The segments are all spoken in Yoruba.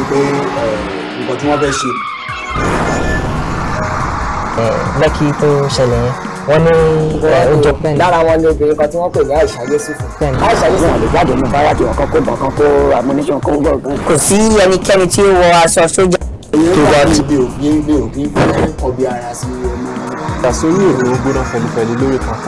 wípé nǹkan tí wọ́n fẹ́ ṣe. lẹ́kì tó ṣẹlẹ̀ yẹn wọ́n ní ọjọ́ pẹ́ẹ́n. lára wọn ni obìnrin kan tí wọ́n pè ní Aisha Yusufu. Aisha Yusufu àlè jáde ní báràkì ọ̀kan kó bọ̀ kó ammunition kó gbọ̀ gan. kò sí ẹnikẹ́ni tí ó wọ aṣọ sójà. tó bá ti bí òbí bí òbí ọbẹ̀ ara sí ọmọ. ìdásórí èrò gbóná fọlùfẹ́lẹ́ lórí kan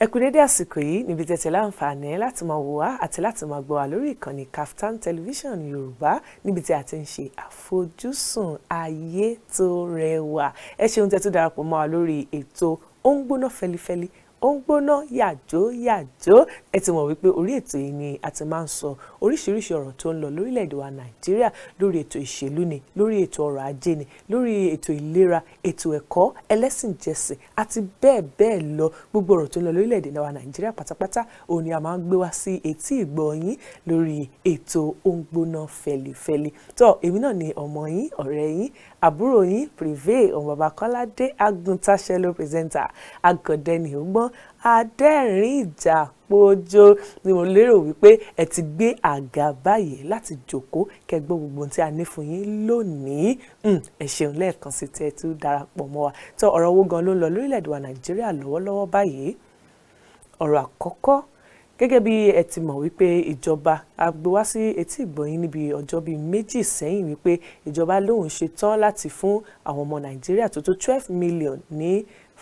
ẹ kú dédé àsìkò yìí níbi tẹ̀tẹ̀ láǹfààní láti máa wò wá àti láti máa gbọ́ wá lórí ìkànnì Kaftan television yorùbá níbi tí a ti ń ṣe àfojúsùn ayé tó rẹwà ẹ ṣeun tẹ́ tó darapọ̀ mọ́ wa lórí ètò ó ń gbóná fẹlifẹli ó ń gbóná yàjó yàjó ẹ ti mọ̀ wípé orí ètò yìí ni a ti máa ń sọ oríṣiríṣi ọ̀rọ̀ tó ń lọ lórílẹ̀‐èdè wa nàìjíríà lórí ètò ìṣèlú ni lórí ètò ọrọ̀ ajé ni lórí ètò ìlera ètò ẹ̀kọ́ ẹlẹ́sìnjẹsìn àti bẹ́ẹ̀ bẹ́ẹ̀ lọ gbogbo ọ̀rọ̀ tó ń lọ lórílẹ̀‐èdè wa nàìjíríà pátápátá òun ni a máa ń gbé wá sí etí ìgbọ́ yín lórí ètò òǹgbóná fẹ̀lifẹ̀li tó èmi náà ni ọmọ yín ọ̀rẹ́ yín àbúrò yín Prevail ọmọ bàbá kọ́ládé aguntaṣẹ́lò pírẹsẹ́ńtà agọ̀dẹ́ni ògbọ́n pójó ni mo lérò wípé ẹ ti gbé àga báyìí láti jókòó kẹgbọ́ gbogbo ohun tí a ní fún yín lónìí hmm, ẹ ṣeun lẹ́ẹ̀kan sí tẹ́ ẹ tún darapọ̀ mọ́ wa tó ọ̀rọ̀ owó gan ló ń lọ lórílẹ̀‐èdè wa nàìjíríà lọ́wọ́lọ́wọ́ báyìí ọ̀rọ̀ àkọ́kọ́ gẹ́gẹ́ bí ẹ ti mọ̀ wípé ìjọba agbowá sí etí ìgbọ̀nyín níbi ọjọ́ bíi méjì sẹ́yìn wípé ìjọba lóun ṣe láti fún àwọn ọmọ nàìjíríà tó tó twelve million ní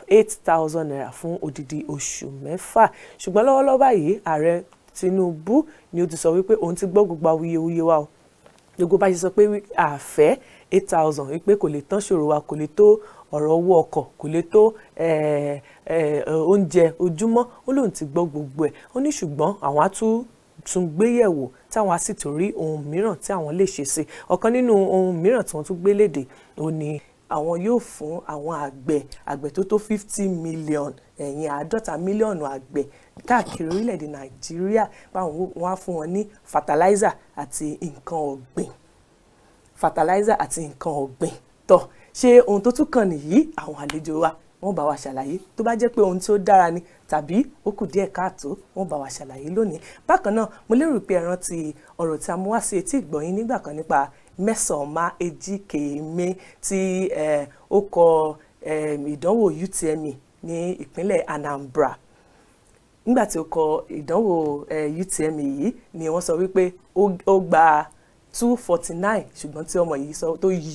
eight thousand naira fún odidi oṣù mẹ́fà ṣùgbọ́n lọ́wọ́lọ́wọ́ báyìí ààrẹ Tinubu ni ó ti sọ wípé òun ti gbọ́ gbogbo awuyewuye wa o gbogbo bá ṣe sọ pé àfẹ́ eight thousand wípé kò lè tán ṣòro wa kò lè tó ọ̀rọ̀ owó ọkọ̀ kò lè tó oúnjẹ ojúmọ́ ó lóun ti gbọ́ gbogbo ẹ̀ ó ní ṣùgbọ́n àwọn á tún tún gbéyẹ̀wò táwọn á sì tún rí ohun mìíràn tí àwọn lè ṣe sí ọ̀kan nínú ohun mìíràn tí wọ́n tún gbé léde ó ní àwọn yóò fún àwọn àgbẹ̀ àgbẹ̀ tó tó fifty million ẹ̀yìn àádọ́ta mílíọ̀nù àgbẹ̀ káàkiri orílẹ̀-èdè nàìjíríà báwọn wọ́n á fún wọn ní fertilizer àti nǹkan ọ̀gbìn fertilizer àti nǹkan ọ̀gbìn tó ṣe ohun tó tún kàn nìyí àwọn àlejò wa wọ́n bá wa ṣàlàyé tó bá jẹ́ pé ohun tí ó dára ni tàbí ó kù díẹ̀ káàtó wọ́n bá wa ṣàlàyé lónìí bákan náà mo lérò pé ẹ rántí ọ̀rọ̀ tí a mú wá sí etí ìgbọ̀nyín nígbà kan nípa mẹ́sàn-án ejikeme tí eh, ó kọ eh, ìdánwò UTME ní ìpínlẹ̀ Anambra nígbà tí ó kọ ìdánwò eh, UTME yìí ni wọ́n sọ wípé ó gba two forty nine ṣùgbọ́n tí ọmọ yìí sọ tó yí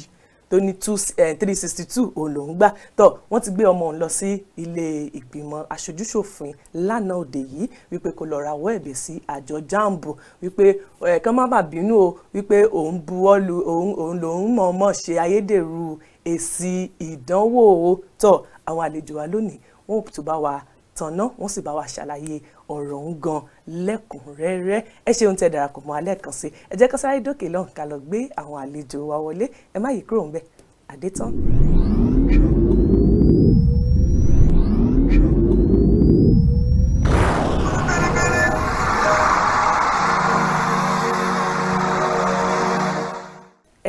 tó ní eh, three sixty two òun lòún gbà tó wọ́n ti gbé ọmọ òun lọ sí ilé ìgbìmọ̀ aṣojúṣòfin lánàá òde yìí wípé kó lọ rawọ́ ẹ̀bẹ̀ sí àjọ jamb wípé ẹ̀ẹ̀kan eh, má bàa bínú o wípé òun buwọ́lu òun lòún mọ̀ọ́mọ̀ ṣe ayédèrú èsì ìdánwò tó àwọn àlejò wa lónìí wọn ò tún bá wa tanná wọ́n sì bá wa ṣàlàyé ọ̀rọ̀ ń gan lẹ́kùnrẹ́rẹ́ ẹ ṣeun tẹ́ darapọ̀ mọ́ alẹ́ kan sí ẹ jẹ́ ká sáré dókè lọ́hùn ká lọ gbé àwọn àlejò wa wọlé ẹ má yí kúrò ń bẹ̀ àdétán.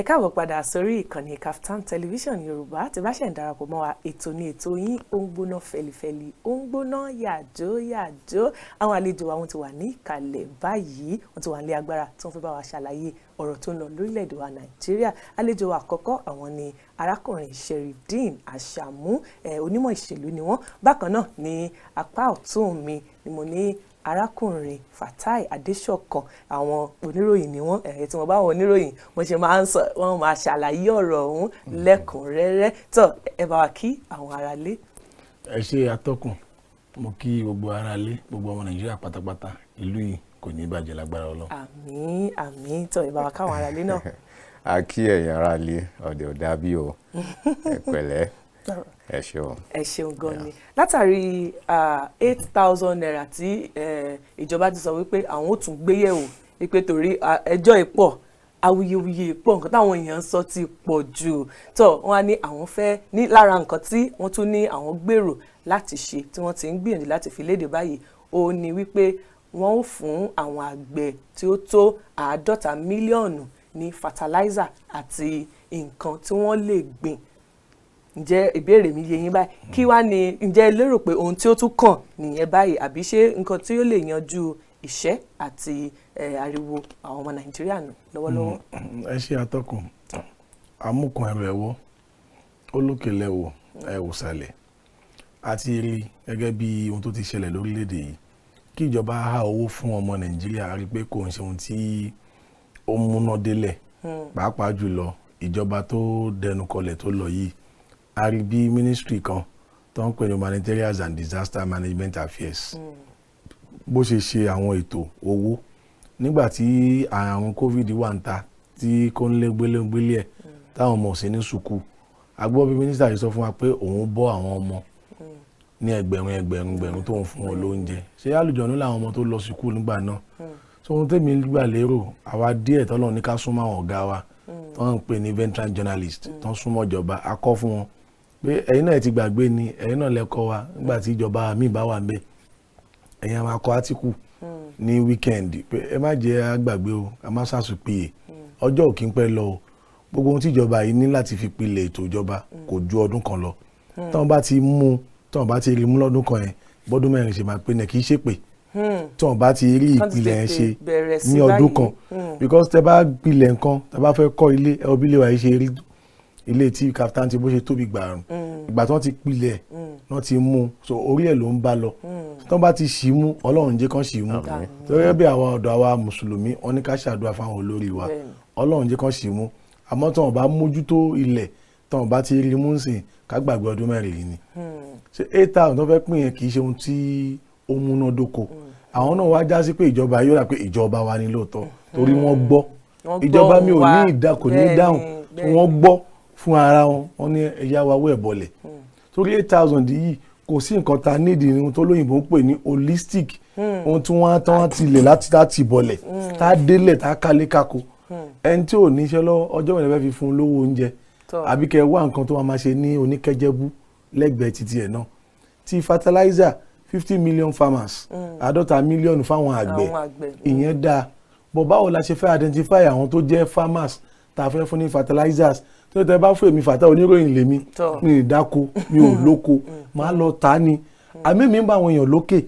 ẹ káàbọ̀ padà sórí ìkànnì Kaftan television yorùbá tí bá ṣẹ̀ ń darapọ̀ mọ́ wa ètò ni ètò yín ó ń gbóná fẹlifẹli ó ń gbóná yàjó yàjó àwọn àlejò wa wọ́n ti wà ní ìkàlẹ̀ báyìí wọ́n ti wà ní agbára tí wọ́n fẹ́ bá wa ṣàlàyé ọ̀rọ̀ tó ń lọ lórílẹ̀‐èdè wa nàìjíríà àlejò àkọ́kọ́ àwọn ni arákùnrin Sherifdeen Àṣàmú onímọ̀ ìṣèlú ni wọ́n bákan náà ní apá ọ̀tún mi ni mo ní arákùnrin Fatai Adéṣọ̀kan àwọn oníròyìn ni wọ́n ẹ̀yẹ tí wọ́n bá wọn oníròyìn wọ́n ṣe máa ń sọ wọ́n máa ṣàlàyé ọ̀rọ̀ ọ̀hún mm-hmm. lẹ́kùnrẹ́rẹ́ tó ẹ bá wa kí àwọn aráalé. ẹ ṣe atọ́kùn mo kí gbogbo aráalé gbogbo ọmọ Nàìjíríà pátápátá ìlú yìí kò ní bàjẹ́ lágbára Ọlọ́run. àmín àmín tó ẹ bá wa káwọn aráalé náà. a kí ẹ̀yin aráalé ọ̀dẹ̀ ọ̀dà bí o ẹ pẹ̀lẹ́ ẹ ṣeun ẹ ṣeun gan ni látàrí eight thousand naira tí ìjọba ti sọ wípé àwọn ò tún gbé yẹ̀wò wípé torí ẹjọ́ ìpọ̀ awuyewuye pọ̀ nǹkan táwọn èèyàn sọ ti pọ̀ jù tó wọn á ní àwọn fẹ́ ní lára nǹkan tí wọ́n tún ní àwọn gbèrò láti ṣe tí wọ́n ti ń gbìyànjú láti fi léde báyìí ó ní wípé wọ́n ó fún àwọn àgbẹ̀ tí ó tó àádọ́ta mílíọ̀nù ní fertilizer àti nǹkan tí wọ́n lè gbìn ǹjẹ́ ìbéèrè mi yé yín báyìí kí wá ni ǹjẹ́ lérò pé ohun tí ó tún kàn nìyẹn báyìí àbí ṣé nǹkan tí ó lè yanjú ìṣẹ́ àti ariwo àwọn ọmọ nàìjíríà nù lọ́wọ́lọ́wọ́. Mm, ẹ ṣe atọ́kùn amúkan ẹ̀rọ ẹ̀wọ́ olókèlè ẹ̀wọ̀ ẹ̀wòsàlẹ̀ àti rí gẹ́gẹ́ bí ohun tó ti ṣẹlẹ̀ lórílẹ̀‐èdè yìí kí ìjọba há owó fún ọmọ nàìjíríà rí pé kò ń ṣe ohun tí ó múná délẹ̀ hmm. pàápàá jùlọ ìjọba tó dẹnu kọlẹ̀ tó lọ yìí a ministry kan tó ń pè ní humanitarian and disaster management affairs bó ṣe ṣe àwọn ètò owó nígbà tí àrùn covid wà ń ta tí kò ń lé gbélégbélé ẹ̀ táwọn ọmọ sí ní sùkúù a mínísítà yìí sọ fún wa pé òun bọ́ àwọn ọmọ ní ẹgbẹ̀rún ẹgbẹ̀rún ẹgbẹ̀rún tó ń fún wọn lóúnjẹ ṣé àlùjọ̀nú làwọn ọmọ tó lọ sùkúù nígbà náà so ohun tèmi gbà lérò àwa díẹ̀ tọ́lọ́ ní ká súnmọ́ àwọn ọ̀gá wa tó ń pè ní veteran journalist tó ń súnmọ́ ìjọba akọ́ fún wọn pé ẹ̀yin náà ti gbàgbé ni ẹ̀yin náà lẹ́kọ́ wa nígbà tí ìjọba mi bá wà ńbẹ̀ ẹ̀yin a máa kọ átíkù ní wíkẹ́ndì pé ẹ má jẹ́ àgbàgbé o a má ṣàṣùpìyè ọjọ́ òkín pẹ́ lọ o gbogbo ohun tí ìjọba yìí ní láti fi pilẹ̀ ètò ìjọba kò ju ọdún kan lọ táwọn bá ti mú táwọn bá ti rí mú lọ́dún kan yẹn bọ́dún mẹ́rin ṣe máa pe náà kì í ṣèpè táwọn bá ti rí ìpìlẹ̀ yẹn ṣe ní ọdún kan hmm. because tẹ bá pilẹ̀ nǹkan tẹ bá fẹ́ kọ́ ilé ẹ ilé tí Kaftan ti bó ṣe tóbi gbàrún mm. ìgbà tí wọ́n ti pilẹ̀ mm. wọ́n ti mú so orí ẹ̀ ló ń bá lọ mm. tí wọ́n bá ti ṣì mú Ọlọ́run jẹ́ kán ṣì mú torí bí àwọn ọ̀dọ́ àwa mùsùlùmí wọ́n ní ká ṣàdúrà fáwọn olórí wa Ọlọ́run jẹ́ kán ṣì mú àmọ́ tí wọ́n bá mójútó ilẹ̀ tí wọ́n bá ti rí mú sìn ká gbàgbé ọdún mẹ́rin yìí ni hmm. ṣé eight thousand tó fẹ́ pín yẹn kì í ṣe ohun tí ó múnádóko hmm. àwọn náà wá já sí pé ìjọba yóò rà pé ìjọba wa ni lóòótọ́ hmm. torí wọ́n gbọ́ ìjọba mi ò ní ìdá kò ní dáhùn wọ́n gbọ́ fún ara wọn wọn ní ẹ̀yà wa wẹ̀ torí eight thousand yìí kò sí nǹkan ta nídìí ohun tó lóyìnbó ń pè ní holistic hmm. ohun tí wọ́n tán tilẹ̀ láti láti bọ̀lẹ̀ hmm. tá a délẹ̀ tá a kálé kákó hmm. ẹni tí ò níṣẹ́ lọ ọjọ́ mẹ́rin fẹ́ fi fún un lówó oúnjẹ àbí kẹ́ wá nǹkan tó máa ṣe ní oníkẹ́jẹ́bú lẹ́gbẹ̀ẹ́ títí ẹ̀ náà ti fertilizer fifty million farmers àádọ́ta mm. mílíọ̀nù fáwọn àgbẹ̀ ìyẹn dáa bọ̀ báwo la ṣe fẹ́ identify àwọn tó jẹ́ farmers tá a fẹ́ fún ní fertilizers tó tẹ bá fún èmi fàtà oníròyìn lèmi mi ì dáko mi ò lóko mm. màá lọ tà ni mm. àmì mi ń bá àwọn èèyàn lókè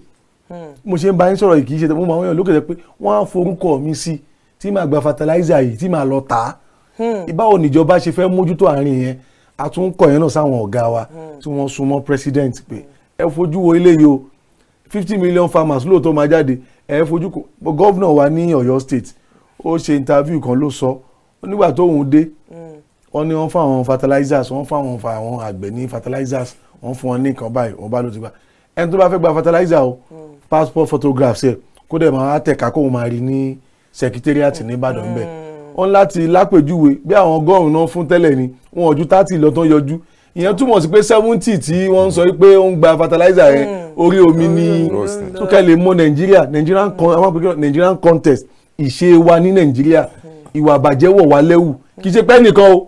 mm. mo ṣe ń bá yín sọ̀rọ̀ yìí kì í ṣe mo bá àwọn èèyàn lókè pé wọ́n á forúkọ mi sí tí màá gba fertilizer yìí tí màá lọ tà á hmm. báwo níjọba ṣe fẹ́ mójútó àárín yẹn a tún kọ̀ yẹn náà sáwọn ọ̀gá wa hmm. tí wọ́n súnmọ́ president pé hmm. ẹ fojú wo eléyìí o fifty million farmers lóòótọ́ máa jáde ẹ fojú gọ́vnà wa ní Ọ̀yọ́ state ó ṣe interview kan ló sọ so, nígbà tóun dé hmm. wọ́n ní wọ́n fún àwọn fertilizers wọ́n fún àwọn àwọn àgbẹ̀ ní fertilizers wọ́n fún wọn ní nǹkan báyìí wọ́n bá ló ti gbà ẹni tó bá fẹ́ gba fertilizer o hmm. passport photographs ẹ̀ kó dẹ̀ máa tẹ̀ka kóun máa rí ní secretariat ní Ìbàdàn bẹ́ẹ̀ hmm. wọ́n láti lápèjúwe bí àwọn ọgọ́rùn-ún náà fún tẹ́lẹ̀ ni wọn ò ju thirty lọ tán yọjú ìyẹn túmọ̀ sí pé seventy tí wọ́n ń sọ pé ó ń gba fertilizer yẹn orí omi ní tó ká lè mọ Nàìjíríà Nigerian contest ìṣe wa ní Nàìjíríà ìwà àbàjẹ́ wọ̀ wá lẹ́wù kì í ṣe pẹ́ nìkan o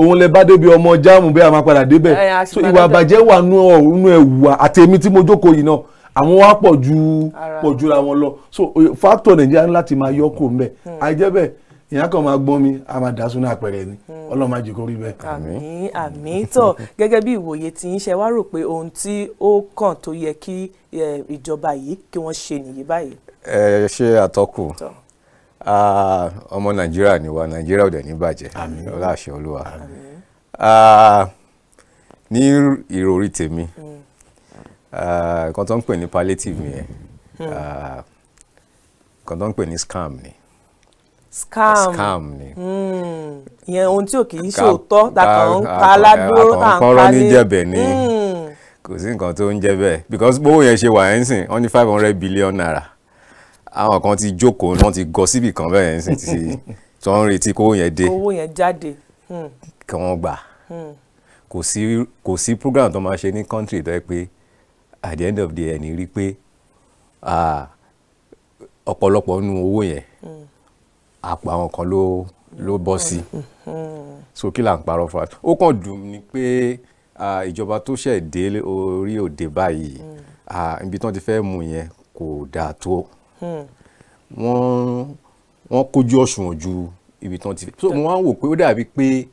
òun lè bá débi ọmọ jáàmù bẹ́ẹ̀ a máa padà débẹ̀ so ìwà àbàjẹ́ wà nú ọ̀run ẹ̀wù àtẹ̀mí tí mo jókòó yìí náà àwọn wa pọ̀ ju pọ̀ jura wọn lọ so factor nàìjíríà ní láti máa yọkò ń bẹ̀ àìjẹ́ hmm. bẹ́ẹ̀ ìyá kan máa gbọ́n mi a máa dá sunu àpẹẹrẹ ni hmm. ọlọ́run máa jẹ́ kó rí bẹ́ẹ̀. àmín àmín tó gẹ́gẹ́ bí ìwòye tí ń ṣe wá rò pé ohun tí ó kàn tó yẹ kí ìjọba yìí kí wọ́n ṣe nìyí báyìí. ẹ ṣe àtọkù ọmọ nàìjíríà ni wa nàìjíríà ò dẹ̀ ní bàjẹ́ ọlá àṣẹ olúwa ní ìròrí tèmi nǹkan tó ń pè ní palliative yẹn hmm. nǹkan tó ń pè ní scam ni scam scam ni hmm. ìyẹn ohun tí ò kì í ṣe òótọ́ dàkàn ń pa aládùúró à ń palẹ̀ níjẹ̀bẹ̀ ni hmm. kò sí nǹkan tó ń jẹ́ bẹ́ẹ̀ because bówó yẹn ṣe wà ẹ́ ń sìn wọ́n ní five hundred billion naira àwọn kan ti jókòó wọ́n ti gọ síbì kan bẹ́ẹ̀ sì ti tó ń retí kówó yẹn dé kówó yẹn jáde hmm. kí wọ́n gbà hmm. kò sí kò sí program tó máa ṣe ní country tó yẹ pé at the end of the day ni rí pé ọ̀pọ̀lọpọ̀ nínú owó yẹn hmm. àpò àwọn kan ló ló bọ́ sí so kí là ń parọ́ fún wa ó kàn dùn mí pé ìjọba tó ṣẹ̀ dé orí òde báyìí ibi tí wọ́n ti fẹ́ mú yẹn kò dáa tó wọ́n wọ́n kójú ju ibi tán ti so mo wá wò pé ó dàbí pé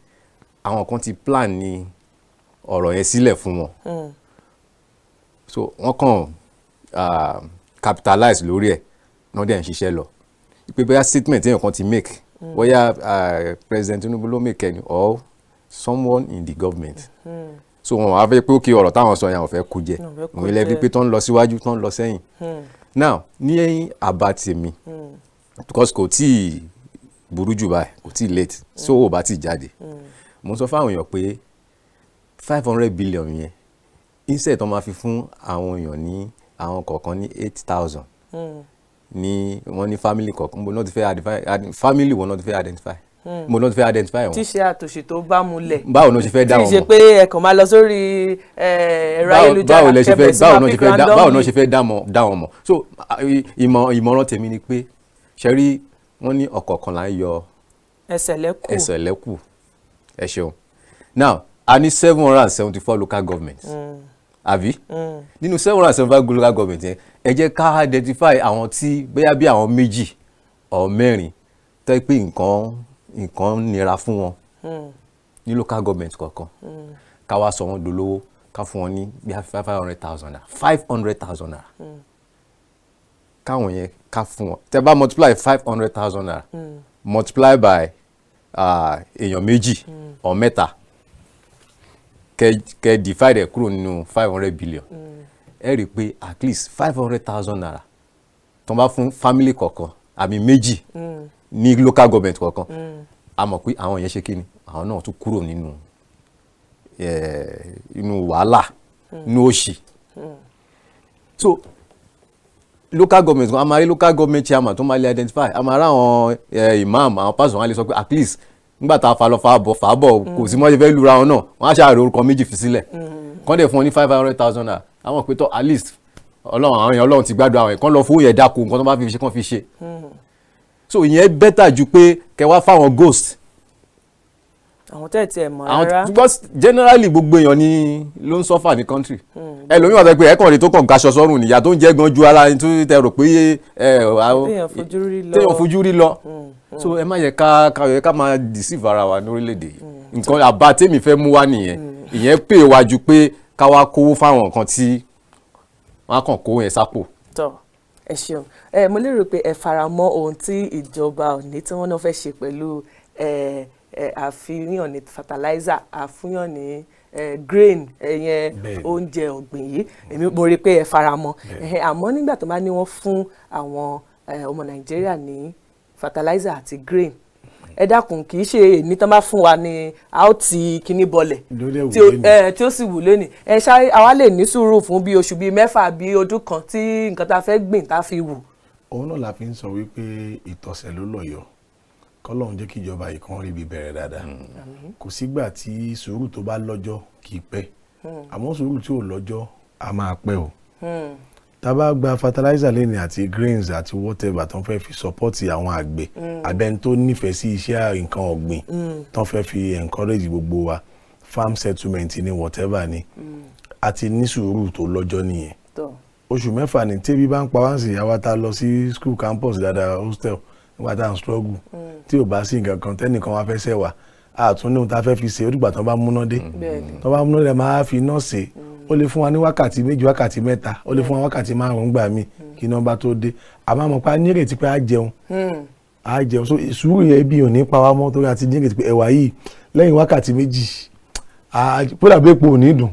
àwọn kan ti plan ni ọ̀rọ̀ yẹn sílẹ̀ fún wọn so wọ́n kàn capitalize lórí ẹ̀ náà dẹ̀ ń ṣiṣẹ́ lọ pé bóyá statement èèyàn kan ti make bóyá uh, president Tinubu ló make ẹni or someone in the government. so wọn wá fẹ́ pé ó kí ọ̀rọ̀ táwọn sọ yẹn àwọn fẹ́ kó jẹ òun ilẹ̀ fi pé tó lọ síwájú tó lọ sẹ́yìn now ní àbá tèmi because kò tí ì burú jù báyìí kò tí ì late so ò bá tí ì jáde mo sọ fáwọn èèyàn pé five hundred billion yẹn instead tó máa fi fún àwọn èèyàn ní àwọn kọ̀ọ̀kan ní eight thousand hmm. ní wọ́n ní family kọ̀ọ̀kan bó náà ti identify. family wọn náà ti identify mo ló ti fẹ́ identify wọn. tíṣe àtòṣe tó bá mu lẹ̀. báwo ló ṣe fẹ́ dá wọn mọ̀. tíṣe pé ẹ̀kàn máa lọ sórí ẹ̀rọ ayélujára kẹfẹ́ sí máa pick random. báwo ló ṣe fẹ́ dá wọn mọ̀ so ìmọ̀ràn tèmi ni pé ṣẹ́rí wọ́n ní ọ̀kọ̀ọ̀kan là yọ ẹsẹ̀ lẹ́kù ẹ ṣeun now a ní seven hundred and seventy four local governments mm. àbí mm. nínú seven hundred and seventy four local governments yẹn ẹ jẹ́ ká identify àwọn tí bóyá bí àwọn méjì ọ̀ mẹ́rin tẹ́ pé nǹkan nǹkan nira fún wọn hmm. ní local government kọ̀ọ̀kan hmm. ká wá sọ wọn dolówó ká fún wọn ní bí five hundred thousand naira five hundred thousand naira hmm. káwọn yẹn ká fún wọn tẹ bá multiply five hundred thousand naira multiply by èèyàn méjì or mẹ́ta kẹ divide ẹ kúrò nínú five hundred billion ẹ rí i pé at least five hundred thousand naira tó ń bá fún family kọ̀ọ̀kan àbí méjì ní local government kọ̀ọ̀kan mm. a mọ̀ pé àwọn yẹn ṣe kí ni àwọn náà tún kúrò nínú inú wàhálà mm. inú òṣì mm. so local government a máa rí local government chairman tó máa lè identify a máa rá àwọn imam àwọn pastor wọn lè sọ pé at least nígbà tá a fa lọ fa bọ̀ fa bọ̀ kò sí mọ́ ṣe fẹ́ lura wọn náà wọ́n á ṣàrò orúkọ méjì fi sílẹ̀ kán fún wọn ní five hundred thousand naira àwọn pé tó at least ọlọ́run àwọn èèyàn ọlọ́run ti gbádùn àwọn èèyàn kán lọ fowó yẹn dáko nǹkan tó bá fi ṣe kán fi ṣe so ìyẹn bẹ́tà ju pé kẹwàá fáwọn ghost. àwọn tẹ̀ tiẹ̀ mọ̀ rárá. because generally gbogbo èèyàn ni ló ń sọ́fà ní country. Hmm. ẹlòmíràn sọ pé ẹ̀kàn ni tó kàn gaṣọ sọ́rùn nìyà tó ń jẹ́ gan ju ara ẹni tó tẹ rò pé téèyàn fojú rí lọ hmm, hmm. so ẹ má yẹ ká ká ká máa deceive ara wa lórílẹ̀‐èdè yìí nǹkan àbá tèmi fẹ́ mú wá nìyẹn ìyẹn pè wájú pé ká wá kówó fáwọn nǹkan tí wọ́n á kàn kó yẹn sápò. tọ́ ẹ ṣeun ẹ mo lérò pé ẹ faramọ́ ohun tí ìjọba òní tí wọ́n náà fẹ́ ṣe pẹ̀lú àfihàn ní fertilizer àfihàn ní grain ẹyẹn oúnjẹ ọ̀gbìn yìí èmi mo rí i pé ẹ faramọ́ àmọ́ nígbà tó bá ní wọ́n fún àwọn ọmọ Nàìjíríà ní fertilizer àti grain ẹ dákun kì í ṣe èmi tán bá fún wa ni a ó ti kíní bọlẹ̀ tí ó sì wù lẹ́nì ẹ ṣáà àwa lè ní sùúrù fún bí oṣù bíi mẹ́fà bíi ọdún kan tí nǹkan tá a fẹ́ gbìn tá a fi wù. òun náà la fi ń sọ wípé ìtọ̀sẹ̀ ló lọ́yọ̀ọ́ kọlọ́run jẹ́ kí ìjọba yìí kan ríbi bẹ̀rẹ̀ dáadáa kò sígbà tí sùúrù tó bá lọ́jọ́ kì í pẹ́ hmm. àmọ́ sùúrù tí ò lọ́jọ́ a máa pẹ́ o hmm tá gba fertilizer lẹ́ni àti grains àti whatever tó ń fẹ́ fi support àwọn àgbẹ̀ abẹ́ni mm. tó nífẹ̀ẹ́ sí iṣẹ́ nǹkan ọ̀gbìn mm. tó ń fẹ́ fi encourage gbogbo wa farm settlement ni whatever ni mm. a ti ní sùúrù tó lọ́jọ́ nìyẹn oṣù mẹ́fà ní tẹ́bí bá ń pa wá ń sìn àwa ta lọ sí school campus dáadáa hostel nígbà tá à ń struggle tí ò bá sí nǹkan kan tẹ́nìkan wá fẹ́ sẹ́wàá àtúndé ohun tá a fẹ́ fi ṣe ó dìgbà tó bá múná dé mm-hmm. tó bá múná dé máa fi iná ṣe mm-hmm. ó lè fún wa ní wákàtí méjì wákàtí mẹ́ta ó lè fún wa wákàtí márùn-ún gbà mí mm-hmm. kí iná bá tó dé àmọ́ àmọ́ pa ní ìrètí pé a jẹun a jẹun so sùúrù yẹn bí òní pa wá mọ́ torí àti ní ìrètí pé ẹ̀wà yìí lẹ́yìn wákàtí méjì kódà bí epo ò ní dùn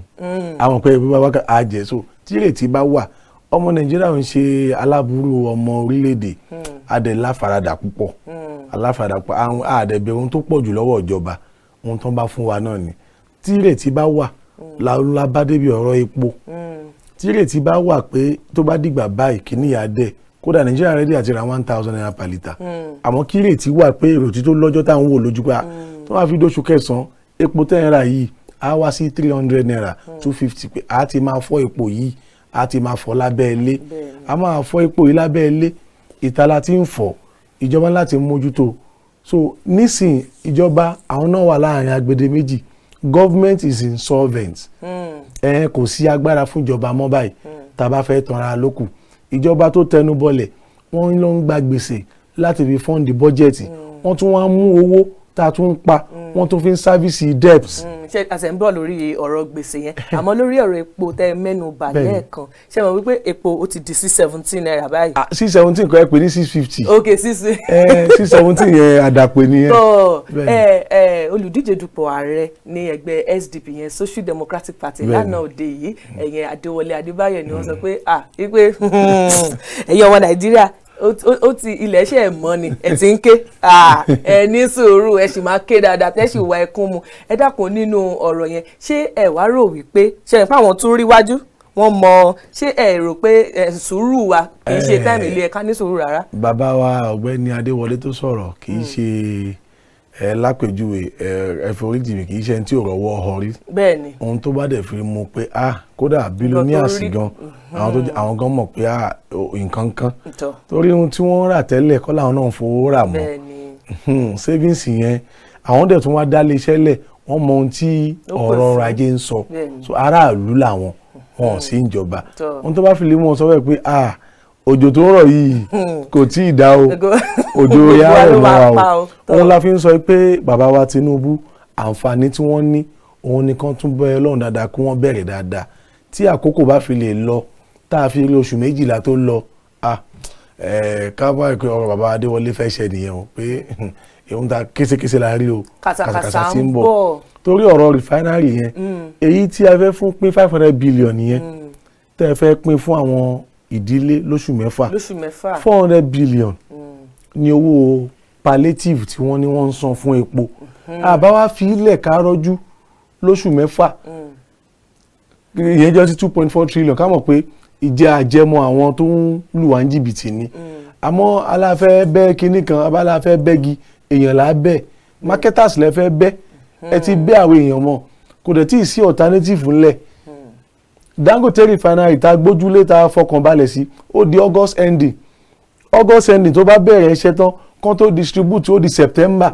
àwọn pé ẹ̀bí wákàtí a jẹ so tí ìrètí bá wà ọmọ Nàìjíríà ń ṣe aláburú ọmọ orílẹ̀-èdè adẹ̀ láfaradà púpọ̀. Mm aláfàdàpá àwọn àdẹ̀bẹ̀ ohun tó pọ̀ jù lọ́wọ́ ìjọba ohun tó ń bá fún wa náà ni tí ìrètí bá wà lábádébí ọ̀rọ̀ epo hmm. tí ìrètí bá wà pé tó bá dìgbà báyìí kíní yà á dẹ̀ kódà nàìjíríà rẹ́dí àti ra one thousand naira per litre hmm. àmọ́ kí ìrètí wà pé ìrètí tó lọ́jọ́ táwọn wò lójú pé ah, hmm. tó wàá fi dóṣù kẹsàn-án epo tẹ́ yìí á wá sí three hundred naira two fifty pé á ti máa fọ́ epo yìí á ti máa fọ́ lábẹ́ ilé á máa fọ́ epo yìí lábẹ́ ilé ìta ti ń fọ́ ìjọba láti mójútó so nísìn ìjọba àwọn náà wà láàrin agbede méjì government is insolvent hmm. ẹ kò sí agbára fún ìjọba mọ́ báyìí hmm. tá a bá fẹ́ tanra lókù ìjọba tó tẹnu bọlẹ̀ wọ́n lọ ń gba gbèsè láti fi fọ́ǹdì bọ́jẹ̀tì hmm. wọ́n tún wá mú owó tá a tún pa wọ́n tún fi ń sáfíìsì debt. Mm, ṣe àṣẹ ń bọ̀ lórí ọ̀rọ̀ gbèsè yẹn àmọ́ lórí ọ̀rọ̀ epo tẹ mẹ́nu bà lẹ́ẹ̀kan ṣe mọ̀ wípé epo ó ti di six seventeen naira báyìí. Ah, six seventeen kọ́ ẹ pè ní six fifty. ok six six seventeen yẹn àdàpè nìyẹn. tó olùdíje dupò ààrẹ ní ẹgbẹ́ SDP yẹn Social Democratic Party lánàá òde yìí mm. ẹ̀yẹn Adéwọlé Adébáyọ̀ ni wọ́n sọ mm. pé ah wípé ẹ̀yin ọmọ Nàìjíríà ó ti ilẹ̀ ṣe ẹ̀ mọ́ ni ẹ̀ ti ń ké ah, ẹ ní sùúrù ẹ sì máa ké dáadáa tẹ́ sì wá ẹkún mu ẹ dákun nínú ọ̀rọ̀ yẹn ṣé ẹ wá rò wípé ṣe ẹ̀ fáwọn tún rí wájú wọn mọ ṣé ẹ rò pé sùúrù wa kì í ṣe eh. táìmì ilé ẹ̀ka ní sùúrù rárá. bàbá wa ọ̀gbẹ́ni adéwọlé tó sọ̀rọ̀ kì í hmm. ṣe. Mm ẹ lápèjúwe ẹ foríjì kì í ṣe tí ò rọwọ́ ọrí bẹ́ẹ̀ni ohun tó bá dẹ̀ fi mú pé ah kódà billionaires gan àwọn tó àwọn gan mọ̀ pé ah nǹkan kan torí ohun tí wọ́n rà tẹ́lẹ̀ kọ́ làwọn náà fowó rà mọ́ hmm, savings yẹn àwọn dẹ̀ tún wá dá lé iṣẹ́ lẹ̀ wọ́n mọ ohun tí ọ̀rọ̀ ọrọ̀ ajé ń sọ so aráàlú làwọn wọn ò sí ìjọba ohun tó bá fi lè wọn sọ bẹ́ẹ̀ pé ah òjò tó ń rọ̀ yìí hmm. kò tí ì dá o òjò ya rẹ̀ mọ́ra o òun la fi ń sọ pé bàbá wa Tinubu àǹfààní tí wọ́n ní òun nìkan tún bẹ́ẹ̀ lọ́run dáadáa kí wọ́n bẹ̀rẹ̀ dáadáa tí àkókò bá fi lè lọ tá a fi rí oṣù méjìlá tó lọ kábàá ìpè ọ̀rọ̀ bàbá Adéwọlé fẹ́ ṣe nìyẹn o pé òun ta késekése la rí o kàtàkàtà ti ń bọ̀ torí ọ̀rọ̀ rìfáínárì yẹn hmm. èyí tí a fẹ́ fún pín five hundred billion yẹn hmm. tẹ́ fẹ́ pín fún àwọn ìdílé lóṣù mẹ́fà lóṣù mẹ́fà four hundred billion mm. ni owó palliative tí wọ́n ní wọ́n ń san fún epo àbá mm-hmm. wa fi ilẹ̀ ká rọ́jú lóṣù mẹ́fà mm. ìyẹn jọ sí two point four trillion ká mọ̀ pé ìjẹ àjẹmọ́ àwọn tó ń lù wá ní jìbìtì ni mm. àmọ́ aláfẹ́ bẹ́ kinní kan abáláfẹ́ bẹ́gi èèyàn là á bẹ́ marketers lẹ́fẹ́ bẹ́ ẹ ti mm-hmm. bẹ́ àwọn èèyàn mọ̀ kò dẹ̀ tí ì sí alternative ńlẹ̀ Dangote refinery ta gbójúlé ta fọkànbalẹ̀ sí ó di August ending August ending tó bá bẹ̀rẹ̀ iṣẹ́ tán kan tó distribute ó di September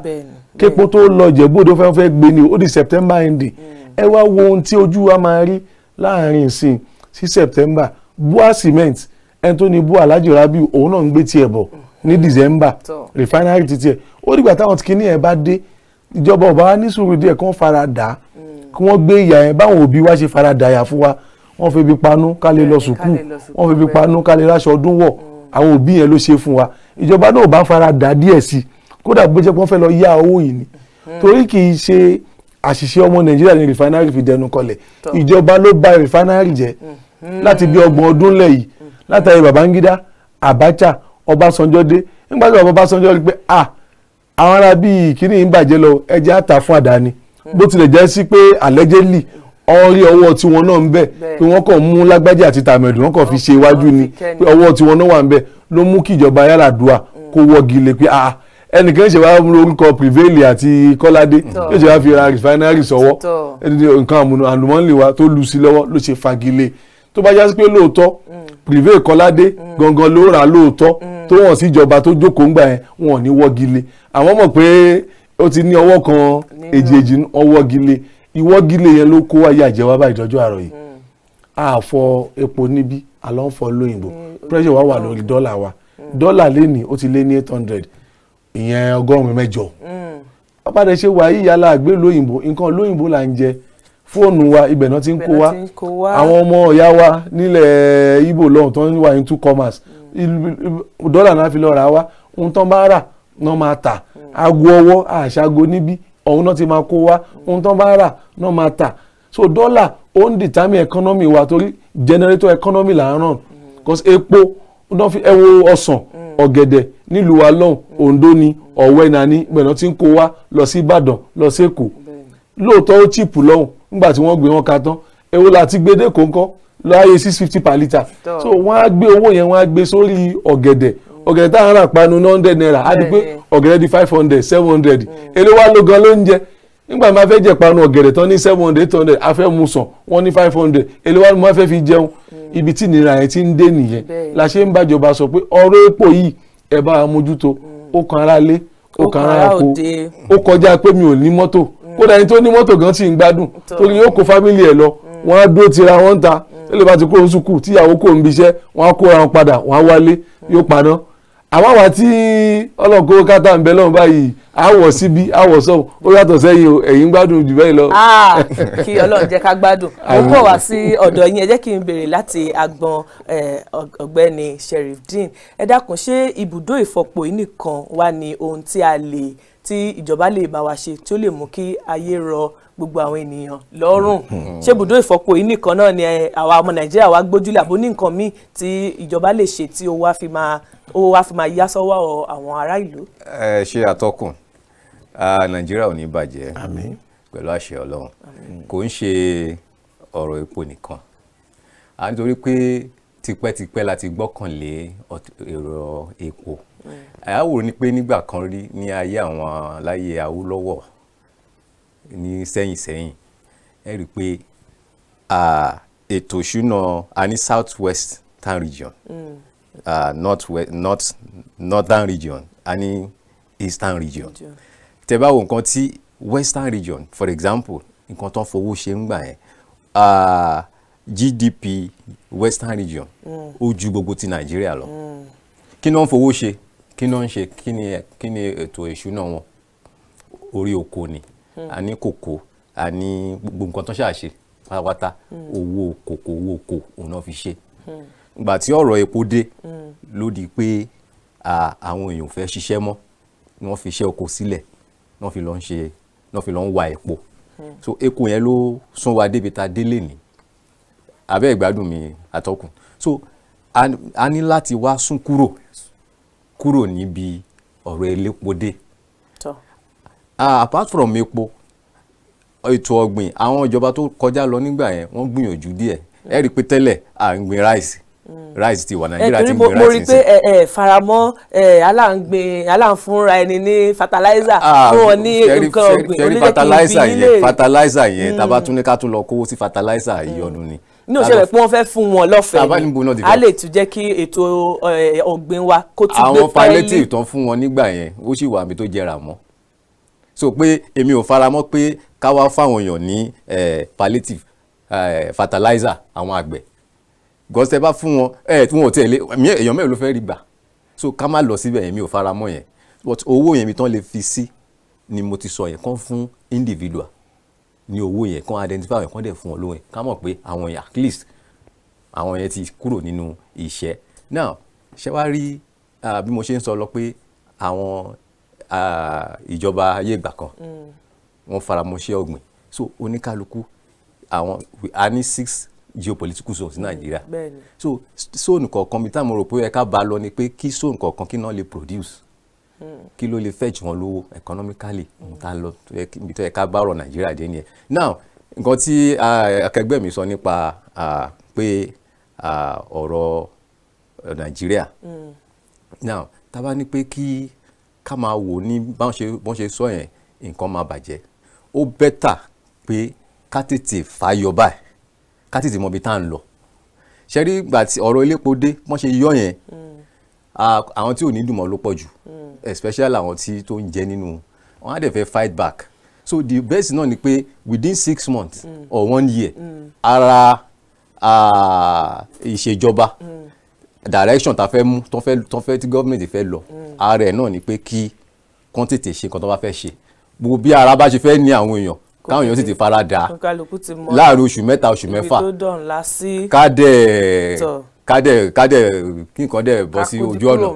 képo tó lọ Ìjẹ̀bú-Òde fẹ́ fẹ́ gbé ni ó di September ending mm. ẹ wá wo ohun tí ojú wa máa rí láàrin ìsìn sí September Bua Cement ẹni tó ní Bua Alhaji Rabiu òun náà ń gbé tiẹ̀ bọ̀ ní mm. December refinery ti tiẹ̀ ó dìgbà táwọn kìíní ẹ̀ bá dé ìjọba ọba wa ní sùúrù díẹ̀ kán fara dà mm. kí wọ́n gbé ìyà yẹn báwọn òbí wa ṣe fara dà yà fún wa wọ́n febi panú ká lè lọ sùkúù wọ́n febi panú ká lè ráṣọ ọdún wọ̀ mm. àwọn òbí yẹn ló ṣe fún wa ìjọba náà ò bá fara dà díẹ̀ sí i kódà bó jẹ́ pé wọ́n fẹ́ lọ yá owó yìí ni mm. torí kì í ṣe àṣìṣe ọmọ nàìjíríà ní rìfánárì fi dẹnu kọlẹ̀ ìjọba ló bà rìfánárì jẹ́ mm-hmm. láti bí ọgbọ̀n ọdún lẹ̀ yìí mm. látàrí babangida abacha ọbásanjọ́ dé nígbà tí ọbásanjọ́ rí pé ah àwọn ará bíi kíní ń bàjẹ́ lọ ẹjẹ́ àtà fún àdáni bó tilẹ̀ jẹ́ sí pé allegedly ọrí ọwọ́ tiwọn náà ń bẹ pé wọ́n kàn mú lágbájá àti tàmẹ̀dù wọ́n kàn fi ṣe iwájú ni pé ọwọ́ tiwọn náà wà ń bẹ ló mú kí ìjọba Yar'Adua mm. kó wọ́gi lé pé ah ẹnìkan ṣe wá orúkọ Prevail àti Kọ́ládé yóò ṣe wá fi ra refinery sọ́wọ́ nǹkan àlùmọ́ọ́nì wa tó lu sí lọ́wọ́ ló ṣe fagilé tó bá jásí pé lóòótọ́ mm. Prevail Kọ́ládé mm. gangan ló rà lóòótọ́ tó wọ́n sí ìjọba tó jókòó ńgbà yẹn wọn ò ní wọ́gi lé àwọn mọ̀ pé ó ti ní ọwọ́ kan èjì èjì ọwọ́gi lé ìwọ́gilé yẹn ló kó ayé àjẹwá bá ìdọ́jú àárọ̀ yìí àfọ mm. epo níbí àlọ́fọ lóyìnbó mm. pressure wa wà lórí mm. dọ́là wa dọ́là lẹ́nìí ó ti lé ní eight hundred ìyẹn ọgọ́rùn-ún mẹ́jọ ọ̀pádẹ ṣe wà yíyá la gbé lóyìnbó nǹkan lóyìnbó là ń jẹ fóònù wa ibẹ̀ náà ti ń kó wa àwọn ọmọ ọ̀yá wa nílẹ̀ Ìgbò lọ́hùn tó ń wà ní two commerce dọ́là náà fi lọ́ọ́ ra wa ohun tó bá rà náà máa tà aago ọwọ́ àṣàgo níbí ọ̀hún náà ti máa kó wá ohun tán bá rà náà máa tà so dollar ó ń dìtámì ẹ̀kọ́nọ́mì wa torí jẹnẹrétọ̀ ẹ̀kọ́nọ́mì là ń ràn cause epo ẹ wo ọsàn ọ̀gẹ̀dẹ̀ nílùú wa lọ́hùn Ondo ni ọ̀wẹ́ nani gbẹ̀nà tí ń kó wá lọ sí Ìbàdàn lọ sí Èkó lóòótọ́ ó chìpù lọ́hùn nígbà tí wọ́n gbé wọn ka tán èwo láti gbédè kóńkọ́ láàyè six fifty per litre so wọ́n á gbé owó yẹn wọ́n á gbé sórí ọ̀gẹ̀dẹ̀ ọ̀gẹ̀dẹ̀ tá a rà panu ní hundred naira á di pé ọ̀gẹ̀dẹ̀ di five hundred seven hundred èlé wa ló gan ló ń jẹ nígbà máa fẹ́ jẹ panu ọ̀gẹ̀dẹ̀ tán ní seven hundred eight hundred afẹ́ mu sàn wọ́n ní five hundred èlé wa máa fẹ́ fi jẹun hmm. ibi tí ìnira yẹn ti ń dé nìyẹn la ṣe ń bàjọba sọ pé ọ̀rọ̀ epo yìí ẹ bá a mójútó hmm. ó kan ara lé ó kan ara oko ó kọjá pé mi ò ní mọ́tò hmm. kódà ẹni tó ní mọ́tò gan sì ń gbádùn torí yóò kó fámìlì ẹ̀ lọ wọ́n á dúró tira wọ́n ń ta tẹ́lẹ̀ bá ti kó oṣù kù tíyàwó kò ń bíṣẹ́ wọ́n á kó ara wọn padà wọ́n á wálé yóò paná àwọn àwọn tí ọlọ́kọ́ kátà ń bẹ lọ́wọ́ báyìí àwọ̀ síbi àwọ̀ sọ́wọ́ ó yàtọ̀ sẹ́yìn o ẹ̀yin gbádùn jù bẹ́ẹ̀ lọ. kí ọlọ́run jẹ́ ká gbádùn mo bọ̀ wá sí ọ̀dọ̀ yín ẹ jẹ́ kí n béèrè láti agbọn ọ̀gbẹ́ni Sheriffdeen ẹ dákun ṣé ibùdó ìfọpo yìí nìkan wà ní ohun tí a lè tí ìjọba lè bá wa ṣe tí ó lè mú kí ayé rọ gbogbo àwọn ènìyàn lọ́rùn ṣé ibùdó ìfọpo yìí nìkan náà ni eh, àwa ọmọ nàìjíríà wa gbójúlé àbó ní nǹkan míì tí ìjọba lè ṣe tí owó wa fi máa owó wa fi máa yá sọ́wọ́ àwọn ará ìlú. ẹ ṣe àtọkùn nàìjíríà ò ní bàjẹ́ pẹ̀lú àṣẹ ọlọ́run kò ń ṣe ọ̀rọ̀ epo nìkan à pé tipẹ́tipẹ́ la ti gbọ́kànlé ọ̀rọ̀ epo àwòrán ni pé nígbà kan rí ní ayé àwọn láyé Awólọ́wọ̀ ní sẹ́yìn sẹ́yìn ẹ rí i pé ètò ìṣúná a ní south western region mm. uh, north west north northern region a ní eastern region tẹ bá wo nǹkan tí western region for example nǹkan tó ń fowó ṣe ń gbà yẹn GDP western region mm. ó ju gbogbo ti Nàìjíríà lọ mm. kí ni wọ́n fowó ṣe kí náà ń ṣe kí ni kí ni ètò ìṣúná wọn orí oko ni a ní kòkó a ní gbogbo nǹkan tó ṣàṣe pátápátá hmm. owó kòkó owó oko òun náà fi ṣe hmm. ìgbà tí ọ̀rọ̀ epo dé hmm. ló di pé àwọn èèyàn fẹ́ ṣiṣẹ́ mọ́ ni wọ́n fi iṣẹ́ oko sílẹ̀ náà fi lọ ń ṣe náà fi lọ ń wa epo so epo yẹn ló sún wa débi ta délé ní abẹ́ ìgbádùn mi àtọkùn so a ní láti wá sún kúrò kúrò níbi ọ̀rọ̀ elépo dé. apart from epo ètò ọ̀gbìn àwọn ìjọba tó kọjá lọ nígbà yẹn wọ́n gbìyànjú díẹ̀ ẹ rí i pé tẹ́lẹ̀ à ń gbin ráìsì mm. rice ti wà nàìjíríà ti ń gbin rice nísìnyí. mo rí i pé ẹ ẹ faramọ́ ẹ aláǹgbìn aláǹfúnra ẹni ní fertilizer ah, fún ọ ní nǹkan ọ̀gbìn onílẹ̀kùn ìbílẹ̀ fertilizer yẹn fertilizer yẹn tá a bá mm. tún lọ kówó sí fertilizer mm. ìyọnu ni. Mm nínú ìṣẹ̀lẹ̀ pé wọ́n fẹ́ fún wọn lọ́fẹ̀ẹ́ a lè tún jẹ́ kí ètò ọ̀gbìn wa kó tún gbé pẹ́ẹ́lí. àwọn palliative tán fún wọn nígbà yẹn ó sì wà mí tó jẹrà mọ́ so pé èmi ò faramọ́ pé ká wá fáwọn èèyàn ní palliative fertilizer àwọn àgbẹ̀ gọ́sẹ̀ bá fún wọn ẹ̀ tí wọn ò tẹ̀lé èèyàn mẹ́rin ló fẹ́ rí gbà so ká má lọ síbẹ̀ èmi ò faramọ́ yẹn but owó yẹn mi tán lè fi sí ni mo ti sọ yẹn kán fún individual ní owó yẹn kán identify kán dẹ̀ fún wọn lóhùn ká mọ̀ pé àwọn yẹn at least àwọn yẹn ti kúrò nínú ìṣẹ́ now ṣé wàá rí bí mo ṣe ń sọ lọ pé àwọn ìjọba ayé ìgbà kan mm. wọ́n faramọ́ṣẹ́ ọ̀gbìn so oníkálukú àwọn a ní six geopolitical zones ní nàìjíríà mm, so zone kọ̀ọ̀kan mi táwọn rò pé ẹ̀ka bá lọ ni pé kí zone kọ̀ọ̀kan kí náà lè produce kí ló lè fetch wọn lówó economically ohun tá a lọ ibi tó yẹ ká bá ọ̀rọ̀ nàìjíríà dé nìyẹn now nǹkan tí akẹgbẹ́ mi sọ nípa pé ọ̀rọ̀ nàìjíríà now tá a bá ní pé kí ká máa wò ní bọ́n ṣe sọ yẹn nǹkan máa bàjẹ́ ó bẹ́tà pé ká tètè fàyọ báyìí ká tètè mọ ibi tá à ń lọ ṣe gbà tí ọ̀rọ̀ elépo dé bọ́n ṣe yọ yẹn àwọn tí ò ní dùnmọ́ ló pọ̀ jù especially àwọn tí tó ń jẹ nínú wọn á dẹ̀ fẹ́ fight back so the best náà ni pé within six months mm. or one year mm. ara ìṣèjọba uh, mm. direction ta fẹ́ mú tó fẹ́ tó fẹ́ tí gọ́ọ̀mẹ̀ntì fẹ́ lọ ara ẹ̀ náà ni pé kí kán tètè ṣe nǹkan tó bá fẹ́ ṣe gbogbo bí ara bá ṣe fẹ́ ní àwọn èèyàn káwọn èèyàn sì ti fara dà láàrin oṣù mẹ́ta oṣù mẹ́fà ká dẹ̀ kádẹ kádẹ kí nǹkan dẹ bọ́ sí ojú ọ̀nà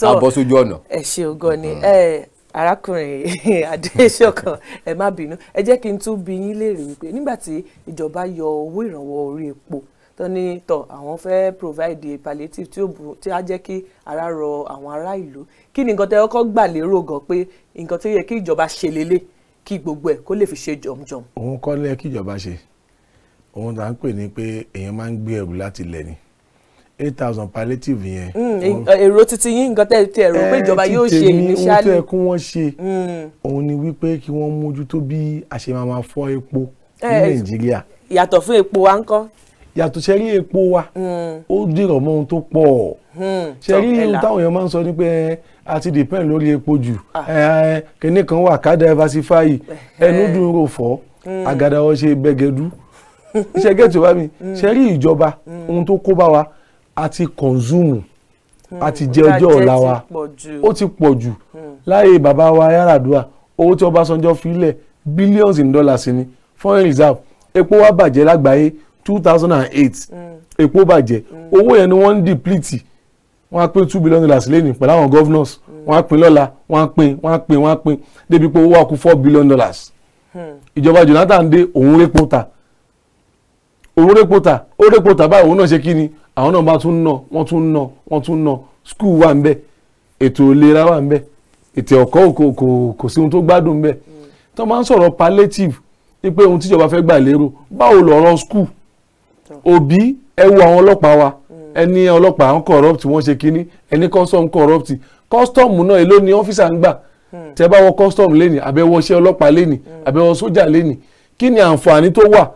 ká bọ́ sójú ọ̀nà. ẹ ṣe ògo ni mm-hmm. arákùnrin adéṣọkan ẹ má bínú ẹ jẹ́ kí n tún bi yín léèrè wípé nígbà tí ìjọba yọ owó ìrànwọ́ orí epo tó ní tọ̀ àwọn fẹ́ provide palliative tí ó bu tí á jẹ́ kí ara rọ àwọn ará ìlú kí ni nǹkan tẹ́ ọkọ gbà lérò gan pé nǹkan tó yẹ kí ìjọba ṣe lélẹ̀ kí gbogbo ẹ̀ kó lè fi ṣe jọmjọm. òun kọ́ lẹ́yìn kí ìjọba ṣe òun tá ń pè ní pé èèyàn máa ń gbé ẹrù láti lẹ̀ eight thousand palliative yẹn. Hmm, èrò títí yín nǹkan tẹ́ ẹ rò pé ìjọba eh, yóò ṣe initially. ohun tẹ́ kí wọ́n ṣe hmm. òun ni wípé kí wọ́n mójútó bí a fọ́ epo ní eh, eh, nàìjíríà. yàtọ̀ fún epo wa ńkọ́. yàtọ̀ ṣe rí epo wa hmm. ó dìrọ̀ mọ́ ohun tó pọ̀ ṣe rí ohun táwọn èèyàn máa ń sọ ni pé a ti depend lórí epo jù ah. kìnìún kan wà ká diversify ẹnu dùn rò fọ́ àgàdà wọn ṣe gbẹgẹdú ṣe gẹ́tù bá mi ṣe ìjọba ohun tó kó bá wa a ti consume a ti jẹ ọjọ́ ọ̀la wa ó ti pọ̀ jù hmm. láyé bàbá wa Yar'Adua owó tí Ọbásanjọ́ filẹ̀ billions in dollars ni foreign reserve epo wa bàjẹ́ lágbàáyé two thousand and eight hmm. epo bàjẹ́ hmm. owó yẹn ni wọ́n ń deplete wọ́n á pín two billion dollars lẹ́nu pẹ̀lú àwọn governors wọ́n á pín lọ́la wọ́n á pín wọ́n á pín wọ́n á pín débi pé owó wa kú four billion dollars ìjọba Jonathan dé òun répo ta òun répo tà ó répo tà báyìí òun náà ṣe kí ni àwọn náà bá tún ná wọ́n tún ná wọ́n tún ná skul wà ń bẹ ètò ìlera wà ń bẹ ètò ọ̀kọ́ kò kò kò sí ohun tó gbádùn ń bẹ tó máa ń sọ̀rọ̀ palliative wípé ohun tíjọba fẹ́ gbà lérò báwo lọ̀rọ̀ skul òbí ẹ wo àwọn ọlọ́pàá wa ẹni ọlọ́pàá ń corrupt wọ́n ṣe kínní ẹni custom corrupt custom náà èló ni ọ́fíìsà ń gbà tẹ bá wọ custom lẹ́nì àbẹ̀wọṣẹ́ ọlọ́pàá lẹ́nì àbẹ̀wọ sójà lẹ́nì kí ni àǹfààní tó wà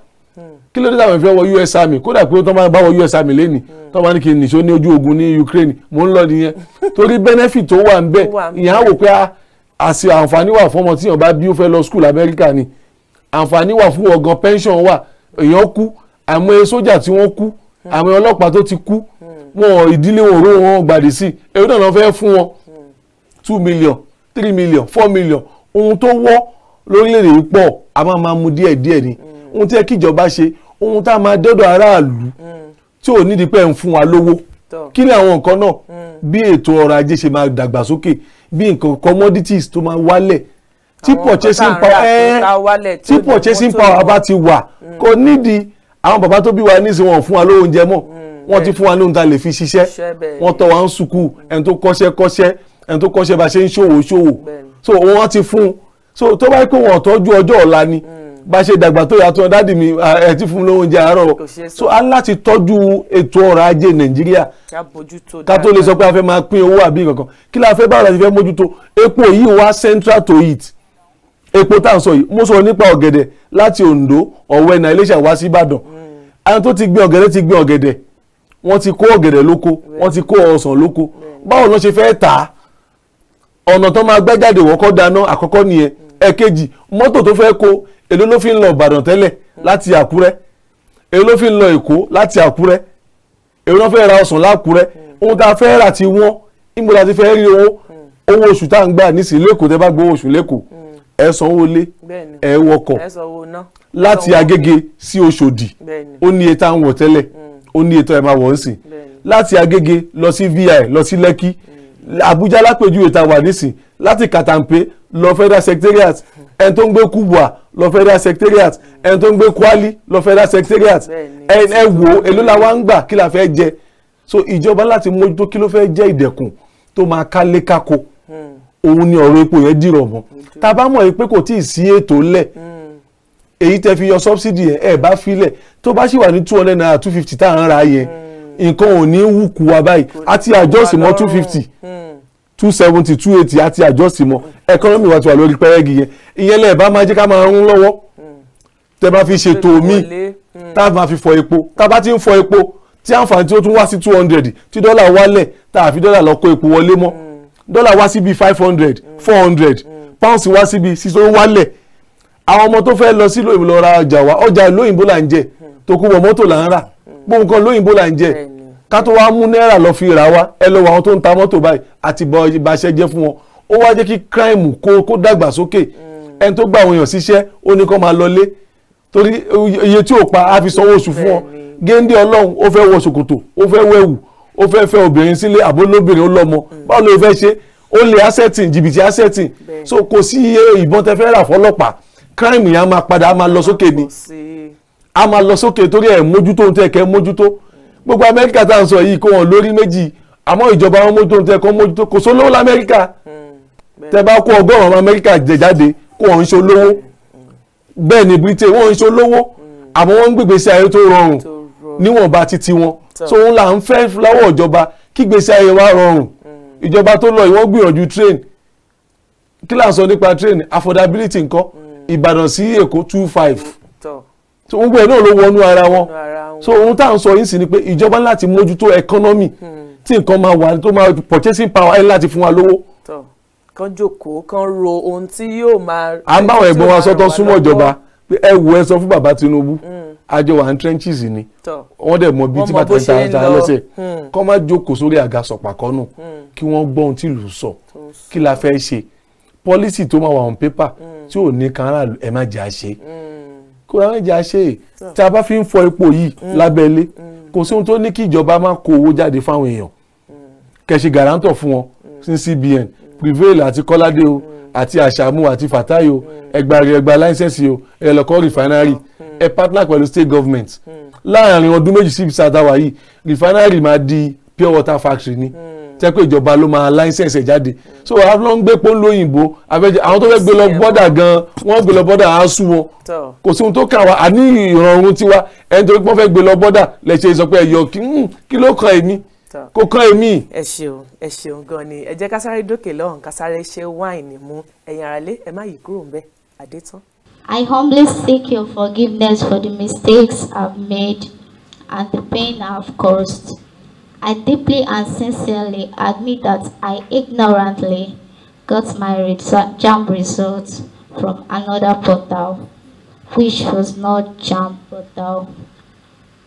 kí ló dé táwọn ìfẹ́ wọ US army kódà pé tó máa bá wọ US army lẹ́nìí tó máa ní kí n nìṣó ní ojú ogun ní Ukraine mò ń lọ nìyẹn torí benefit tó wà ń bẹ ìyẹn á wò pé àṣì àǹfààní wà fún ọmọ tí èèyàn bá bí ó fẹ́ lọ school Amẹ́ríkà ni àǹfààní wà fún ọ̀gàn pension wà èèyàn kú àmọ́ sójà tí wọ́n kú àmọ́ ọlọ́pàá tó ti kú wọn ìdílé wọn òró wọn gbàdí sí èyí náà fẹ́ fún wọn two million three million four million ohun tó wọ́ lórílẹ̀‐èdè yìí pọ̀ a máa máa mu díẹ̀ díẹ̀ ni ohun tí ẹ kíjọba ṣe ohun tá a máa dọ́dọ̀ aráàlú tí ò nídìí pé ń fún wa lówó kí ni àwọn nǹkan náà hmm. bí ètò ọrọ̀ ajé ṣe máa dàgbàsókè bí nǹkan commodities tó máa wálẹ̀ tí purchasing power ẹ tí purchasing power bá ti wà hmm. kò nídìí àwọn bàbá tó bí wa nísìnyí wọn fún wa lówó oúnjẹ mọ́ hmm. wọ́n ti fún wa ní tá a lè fi ṣiṣẹ́ wọ́n tọ́ wa ń sùkú ẹni tó kọ́ṣẹ́ kọ́ṣẹ́ ẹni tó kọ́ṣẹ́ bá ṣe ń ṣòwò ṣòwò so wọ́n ti fún so tó bá yẹ kó wọ́n tọ́jú ọjọ́ ọ̀la ni bá ṣe dàgbà tó yàtọ̀ dádì mi ẹ ti fún lóúnjẹ àárọ̀ so a láti tọ́jú ètò ọrọ̀ ajé nàìjíríà ká tó lè sọ pé a fẹ́ máa pín owó àbí kankan kí la fẹ́ báwo la ti fẹ́ mójútó epo yìí wá central to it epo tá à ń sọ yìí mo sọ̀rọ̀ nípa ọ̀gẹ̀dẹ̀ láti Ondo ọ̀wẹ́nà Iléṣà wá sí Ìbàdàn hmm. àwọn tó ti gbin ọ̀gẹ̀dẹ̀ ti gbin ọ̀gẹ̀dẹ̀ wọ́n ti kó ọ̀gẹ̀dẹ̀ lóko wọ́n ti kó ọsàn lóko báwo ló ṣe fẹ́ tà á ọ̀nà tó máa gbẹ́ wọ́kọ́ dáná àkọ́kọ́ nìyẹn hmm. ẹ̀kejì mọ́tò tó fẹ́ kó èló ló fi ń lọ ìbàdàn tẹ́lẹ̀ láti àkúrẹ́ èló ló fi ń lọ èkó láti àkúrẹ́ èló ló fẹ́ ra ọsàn lákúrẹ́ ohun tá a fẹ́ rà ti wọ́n ìgbọ́dọ̀ àti fẹ́ rí owó owó oṣù tá à ń gbà nísìnyí lẹ́kọ̀ọ́ tẹ́ bá gbọ́ oṣù lẹ́kọ̀ọ́ ẹ sanwó lé ẹ wọkọ̀ láti agége sí oṣòdì ó ní etá ń tẹ́lẹ̀ mm. ó ní etá ẹ máa wọ̀ ń sìn láti agége lọ sí vi lọ sí lẹ́kí mm. abuja lápèjúwe tá a wà nísìn láti kàtàǹpé lọ federal secretariat mm ẹni tó ń gbé kubwa lọ federal secretariat mm. ẹni tó ń gbé kwali lọ federal secretariat ẹ wo èló la wá ń gbà kí la fẹ́ jẹ so ìjọba láti mójútó kí ló fẹ́ jẹ́ ìdẹ̀kùn tó máa ká lékako hmm. òun ni ọ̀rọ̀ epo yẹn dìrọ̀ mọ́ tá a bá mọ̀ pé kò tí ì sí ètò lẹ̀ hmm. èyí tẹ́ fi yọ subsidy yẹn ẹ̀ bá filẹ̀ tó bá sì wà ní two hundred naira two fifty tá à ń ra yẹn hmm. nǹkan ò ní wùkú wa báyìí àti àjọsìn mọ́ two fifty two seventy two eighty àti àjọsìn mọ́ economy wa ti wà lórí pẹ́rẹ́gì yẹn ìyẹn lẹ́ẹ̀ bá máa jẹ́ ká máa rún lọ́wọ́ tẹ́ bá fi ṣètò mi hmm. tá a máa fi fọ epo tá a bá ti ń fọ epo tí àǹfààní tí ó tún wá sí two hundred tí dọ́là wálẹ̀ tá a fi dọ́là lọ kó epo wọlé mọ́ hmm. dọ́là wá sí bíi five hundred hmm. four hundred pounds wá sí bíi sísọ wálẹ̀ àwọn ọmọ tó fẹ́ lọ sí lóyìnbó lọ ra ọjà wa ọjà lóyìnbó là ń jẹ tó kú wọ mọ́tò là ń rà gbóhùn kan lóyìnbó là ń jẹ ká tó wá mú náírà lọ fi rà wá ẹ lọ wọ àwọn tó ń ta mọ́tò báyìí àti bọ ìbáṣẹ jẹ́ fún wọn ó wá jẹ́ kí crime kó kó dàgbà sókè mm. ẹni tó gba àwọn èèyàn síṣẹ́ ó ní kó máa lọlé torí iye tí ò pa á fi sanwó oṣù fún wọn géńdé ọlọ́run ó fẹ́ wọ ṣòkòtò ó fẹ́ wẹ̀wù ó fẹ́ fẹ́ obìnrin sílé àbólóbìnrin ó lọ́mọ mm. báwo ló fẹ́ ṣe ó lè assetting jìbìtì assetting so kò sí iye ìbọn tẹ fẹ́ rà fọlọ́pàá crime yẹn á máa padà á máa lọ sókè ni á máa lọ sókè torí ẹ̀ mójútó ohun tẹ́ kẹ́ mójútó gbogbo amẹ́ríkà tá à ń sọ yìí kó wọn lórí méjì àmọ́ ìjọba wọn mójútó tẹ kó mójútó kò sólówó lamẹ́ríkà hmm, tẹ bá kó ọgọ́rùn-ún ọmọ amẹ́ríkà jẹ jáde kó wọn ń ṣolówó hmm. bẹ́ẹ̀ ni britain wọn hmm. ń ṣolówó àmọ́ wọn ń gbègbèsè ayé tó rọrùn níwọ̀nba títí wọn so òun là ń fẹ́ lọ́wọ́ ìjọba kí gbèsè ayé wa rọrùn ìjọba tó lọ ìwọ́n gbìyànjú train kí là ń sọ nípa train affordability ńkọ́ Ìbàdàn sí Èkó two five so gbogbo ẹ̀ náà ló wọnú ara wọn so ohun tá à ń sọ yìí sì ni pé ìjọba láti mójútó economy hmm. tí nǹkan máa wà tó máa purchasing power ẹ̀ láti fún wa lówó. kan jókòó kan ro ohun tí yóò máa. à ń báwọn ẹ̀gbọ́n wa sọ́tọ́ súnmọ́ ìjọba pé ẹ wo ẹ sọ fún bàbá Tinubu hmm. àjọ wa ń trenches ni wọ́n dẹ̀ mọ bíi tí bàtà ń ta lọ́sẹ̀ hmm. kọ́ máa jókòó sórí àga sọ̀pàkọ́nù kí wọ́n gbọ́ ohun tí ìlú sọ kí la fẹ́ ṣe policy tó máa wà on paper tí ò ní kan aráàlú ẹ má jẹ́ àṣe kó ra ìjà ṣe tí a bá fi ń fọ epo yìí lábẹ́lé kò sí ohun tó ní kí ìjọba máa kó owó jáde fáwọn èèyàn kẹ̀sì gàrántọ̀ fún wọn sí CBN Prevail àti Kọ́ládé o àti Àṣàmú àti Fatai o ẹgbàá rẹ ẹgbàá láìsẹ̀nsì o ẹ lọ kọ́ rìfánárì ẹ partner pẹ̀lú state government láàárín ọdún méjì sí ibi sàtàwá yìí rìfánárì máa di pure water factory ni. Mm jẹ́ pé ìjọba ló máa láísẹ̀nsì jáde so àwọn gbé pọ́n lóyìnbó abẹ́jẹ́ àwọn tó fẹ́ gbé lọ bọ́dà gan wọ́n gbé lọ bọ́dà á wọn kò sí ohun tó kàn wá àní ìrọ̀rùn tiwa ẹni tó wọ́n fẹ́ gbé lọ bọ́dà lè ṣe ìsọpẹ́ ẹ̀yọ hmm, kí ló kàn èmi kò kàn èmi. ẹ ṣeun ẹ ṣeun gan ni ẹ jẹ́ ká dókè lọ́hùn ká ṣe wáìnì mu ẹ̀yin aráalé ẹ má yí kúrò ńbẹ̀ àdétán. I humbly seek your forgiveness for the mistakes I've made and the pain I've caused. I deeply and sincerely admit that I ignorantly got my result, jump results from another portal, which was not jump portal.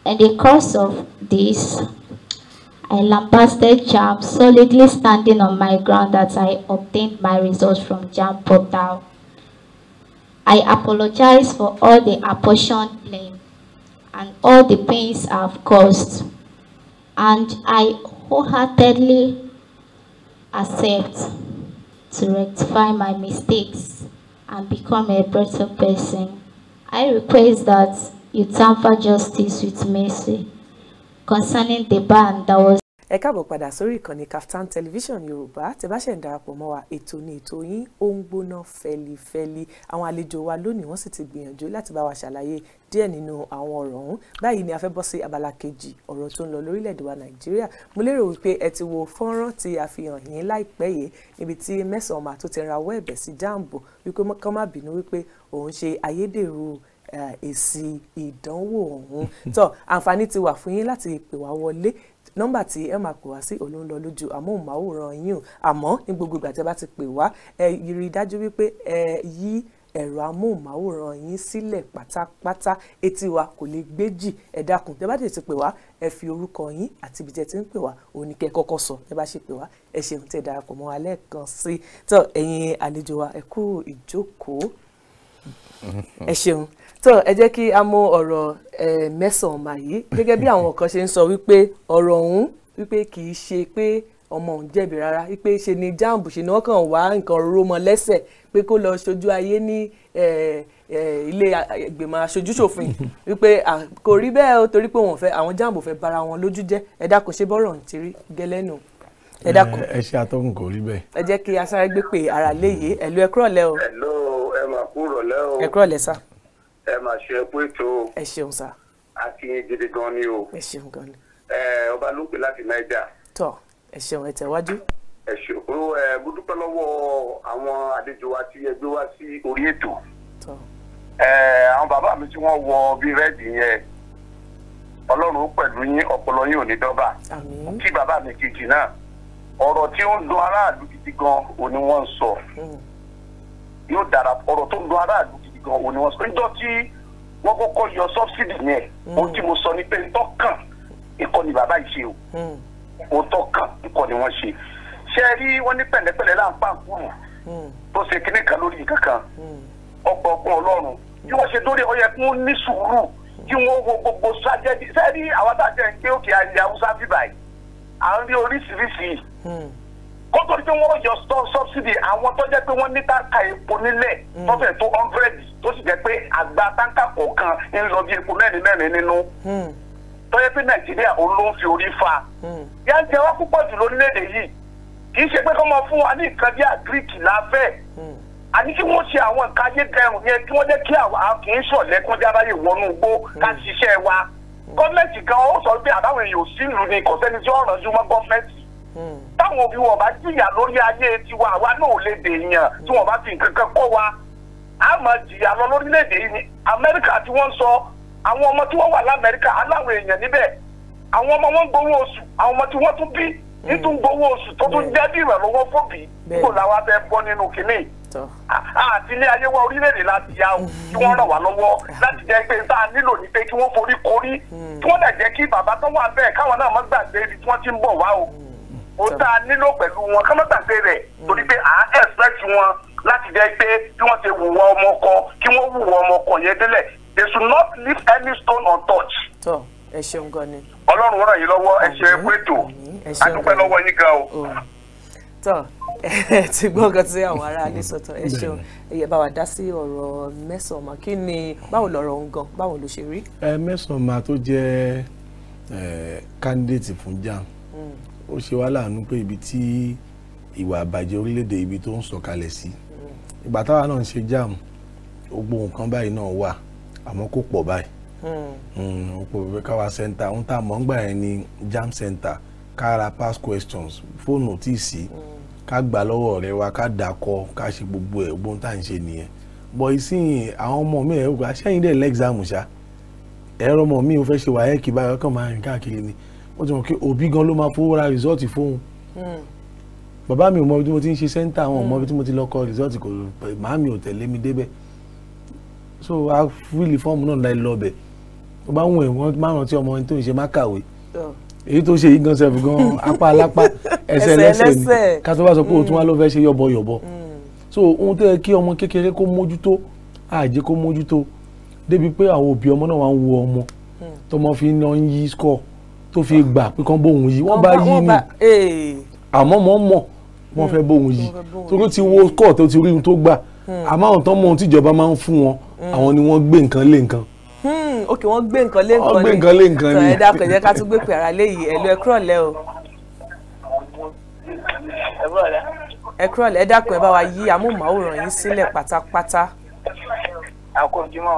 In the course of this, I lambasted Jump solidly standing on my ground that I obtained my results from Jump portal. I apologize for all the apportioned blame and all the pains I've caused and I wholeheartedly accept to rectify my mistakes and become a better person. I request that you tamper justice with mercy concerning the ban that was ẹ káàbọ̀ padà sórí ìkànnì Kaftan television yorùbá tẹ́ bá ṣẹ̀ ń darapọ̀ mọ́ wa ètò ni ètò yín ó ń gbóná fẹlifẹli àwọn àlejò wa lónìí wọ́n sì ti gbìyànjú láti bá wa ṣàlàyé díẹ̀ nínú àwọn ọ̀rọ̀ ọ̀hún báyìí ni a fẹ́ bọ́ sí abala kejì ọ̀rọ̀ tó ń lọ lórílẹ̀‐èdè wa nàìjíríà mo lérò wípé ẹ ti wo fọ́nrán tí a yín láìpẹ́ yìí níbi tí mẹ́sàn-án jambo wípé kọ́ má bínú wípé òun ṣe ayédèrú eh, èsì ìdánwò ọ̀hún tó àǹfààní ti wà fún yín láti pè wá wọlé nọ́mbà tí ẹ máa pè wá sí òun ló ń lọ lójú amóhùnmáwòrán yín àmọ́ ní gbogbo ìgbà tí ẹ bá ti pè wá ẹ rí i dájú wípé ẹ yí ẹ̀rọ amóhùnmáwòrán yín sílẹ̀ pátápátá etí wa kò lè gbéjì ẹ dákun tẹ́ bá dé ti pè wá ẹ fi orúkọ yín àti ibi tẹ́ ti ń pè wá òun ni kẹ́ sọ tẹ́ bá ṣe pè wá ẹ ṣeun tẹ́ darapọ̀ mọ́ alẹ́ kan sí tọ́ ẹ̀yin àlejò wa ẹ kú ìjókòó ẹ ṣeun so ẹ jẹ́ kí a mọ ọ̀rọ̀ mẹ́sàn-án mà yìí gẹ́gẹ́ bí àwọn kan ṣe ń sọ wípé ọ̀rọ̀ ọ̀hún wípé kì í ṣe pé ọmọ òun jẹ̀bi rárá wípé ṣe ni jambu ṣe ni wọ́n kàn wá nǹkan ró mọ́ lẹ́sẹ̀ pé kó lọ ṣojú ayé ní ilé ìgbìmọ̀ aṣojúṣòfin wípé kò rí bẹ́ẹ̀ o torí pé wọ́n fẹ́ àwọn jambu fẹ́ bara wọn lójú jẹ́ ẹ dákun ṣe bọ́rọ̀ ń tiri gẹ́lẹ́nu ẹ dákun. ẹ ṣe atọ́kùn kò rí bẹ́ẹ̀. ẹ jẹ́ kí asáré gbé pé ara léyè ẹ̀lú ẹ̀kúrọ̀lẹ́ o. ẹ̀lú ẹ̀ ẹ mà ṣe ẹ pé tó. ẹ ṣeun sá. àti gidi gan ni o. ẹ ṣeun gan ni. ẹ ọba ló pè láti naija. tọ ẹ ṣeun ẹ tẹ̀wájú. ẹ ṣeun ẹ mo dúpẹ́ lọ́wọ́ àwọn àlejò wa tí ẹ gbé wá sí orí ètò. ẹ àwọn bàbá mi tí wọ́n wọ bí rẹ́ẹ̀dì yẹn ọlọ́run ó pẹ̀lú yín ọpọlọ yín ò ní dọ́bà. kí bàbá mi kejì náà ọ̀rọ̀ tí ó ń dùn aráàlú gidi gan òní wọ́n ń sọ hmm. yóò dára ọ̀rọ̀ tó ń dùn aráàlú gan òní wọn sọ níjọ́ tí wọ́n kọ́kọ́ yọ subsidy yẹn hmm. ohun tí mo sọ ni pé ntọ́ kàn ikọ̀ ni bàbá yìí ṣe o hmm. ohun tọ́ kàn ikọ̀ ni wọ́n ṣe ṣe é rí wọ́n ní pẹ̀lẹ́pẹ̀lẹ́ là ń pa nkúrù tó ṣe kíní kan lórí kankan hmm. ọgbọ̀n ọgbọ̀n ọlọ́run bí wọ́n ṣe dórí ọyẹ kí ní sùúrù kí wọ́n wo gbogbo sájẹ́jì ṣe é rí àwọn àtàjẹ́ ń gbé òkè àyè haúsá bíbáyìí à ń rí oríṣiríṣi kó tó di pé wọ́n yọ sọ́bsìdì àwọn tó jẹ́ pé wọ́n ní táǹkà epo nílẹ̀ mm. tó fẹ́ tó hundred tó sì jẹ́ pé àgbà táǹkà kọ̀ọ̀kan ń lọ bí epo mẹ́rin mẹ́rin nínú mm. tó yẹ pé nàìjíríà òun ló ń fi orí fa mm. yá ń jẹ wá púpọ̀ jù lórílẹ̀‐èdè yìí kì í ṣe pé kó mọ fún wa ní nǹkan bí àgíríkì láfẹ́ àní kí wọ́n ṣe àwọn nǹkan ayédẹrùn yẹn kí wọ́n jẹ́ kí àwọn kì í ṣọ̀lẹ́ kó jábá yìí wọnú igbó ká ṣiṣẹ́ wa gọ́ọ̀mẹ̀ntì gan ó sọ pé àbáwọn èèyàn ò sí ìlú ni kò sẹ́ni tí ó rànjú mọ́ gọ́ọ̀mẹ̀ntì táwọn òbí wọn bá jìyà lórí ayé tiwa àwa náà ò lè dèèyàn tí wọn bá fi nǹkan kan wa a máa jìyà lọ lórílẹ̀ yìí ní amẹ́ríkà tí wọ́n sọ àwọn ọmọ tí wọ́n wà lamẹ́ríkà aláwọ̀ èèyàn níbẹ̀ àwọn ọmọ wọn gbowó oṣù àwọn ọmọ tí wọ́n tún bí nítún mm. gbowó oṣù tó tún jẹ́ bí ìrànlọ́wọ́ fòbí kò làwa fẹ́ bọ́ nínú kínní àti ilé ayé wa orílẹ̀-èdè láti ya o kí wọ́n ràn wá lọ́wọ́ mm. láti jẹ́ pé tá a nílò ní pé kí wọ́n forí korí kí mm. wọ́n dẹ̀ jẹ́ kí bàbá tó wà bẹ́ẹ̀ káwọn náà má gbàgbé ibi tí wọ́n ti ń bọ̀ wá o ohun tá a nílò pẹ̀lú wọn kọ́mọ́tàgbé rẹ̀ torí pé à á expect wọn láti jẹ́ pé bí wọ́n ṣe wùwọ́ ọmọ kan kí wọ́n wùwọ́ ọmọ kan yẹn délẹ̀ they should not leave any stone untouched. tọ́ ẹ ṣeun gan ni. ọlọ́run ràn yín lọ́wọ́ ẹ ṣe é pẹ́tò àdúpẹ́ lọ́wọ́ yín gan o. tọ́ ẹ ti gbọ́ nǹkan tí àwọn ará ilé sọ̀tọ̀ ẹ ṣeun ẹ bá wa dá sí ọ̀rọ̀ mẹ́sàn-án ma kí ni báwo lọ̀rọ̀ òun gan báwo ló ṣe rí. ẹ mẹ́sàn-án ma tó jẹ́ kándídéètì fún jam hmm ó ṣe wá láàánú pé ibi tí ìwà àbàjẹ́ orílẹ̀-èdè ibi tó ń sọ̀kalẹ̀ sí ìgbà táwa náà ń ṣe jam gbogbo nǹkan báyìí náà wà àmọ́ kò pọ̀ báyìí ó pọ̀ bẹ́ẹ̀ káwa center ń tà mọ́ ń gbà yẹn ní jam center ká pass questions fóònù tí ì sí hmm. ká gbà lọ́wọ́ ọ̀rẹ́ wa ká dàkọ ká ṣe gbogbo ẹ̀ gbóhùn tá à ń ṣe nìyẹn bọ̀ ìsìn àwọn ọmọ mi ẹ̀ wò ṣẹ́yìn dẹ̀ lẹ́gzámù ṣá ẹ̀rọ ọmọ mi ò fẹ́ ṣe wáyé kì báyọ̀ kàn máa rìn káàkiri ni wọ́n ti mọ̀ pé òbí gan ló máa fowó ra rìsọ́ọ̀tì fóun hmm. bàbá mi ò mọ ibi tí mo ti ń ṣe sẹ́ńtà àwọn ọmọ hmm. ibi tí mo ti lọ rìsọ́ọ̀tì kò màá mi ò tẹ̀lé mi débẹ̀ so a fíìlì fọ́ọ̀mù náà láì lọ bẹ̀ tó bá wùn ẹ̀ wọ́n máa rántí ọmọ tó ń ṣe má kàwé èyí tó ṣe yìí gan sẹ́fù gan apá alápá ẹsẹ̀ ẹlẹ́sẹ̀ ni ká tó bá sọ pé òtún wa hmm. ló fẹ́ ṣe yọ̀bọ̀yọ̀bọ̀ so ohun tó yẹ kí ọmọ kékeré kó mójútó àjẹ́ kó mójútó débi pé àwọn òbí ọmọ náà wà ń wo ọmọ tọmọ fi ń lọ ń yí score tó fi gbà pé kán bóun yìí wọ́n bá yí ni eh. àmọ́ mọ́ mọ̀ wọ́n fẹ́ bóun yìí hmm, torí ti wo kọ́ tó ti rí ohun tó gbà hmm. àmọ́ àwọn tó mọ ohun tíjọba máa ń fún wọn hmm. àwọn ni wọ́n gbé nǹkan lé nǹkan. ok wọ́n gbé nǹkan lé nǹkan ni wọ́n gbé nǹkan lé nǹkan ni sọ ẹ̀dá kò jẹ́ ká tún gbé pè ara léyìí ẹ̀lú ẹ̀kúrọ̀ lẹ́ o. ẹ̀kúrọ̀ lẹ́ ẹ̀dá kò ẹ bá wa yí amóhùnmáwòrán yín sílẹ̀ pátápátá. àkójúmọ́.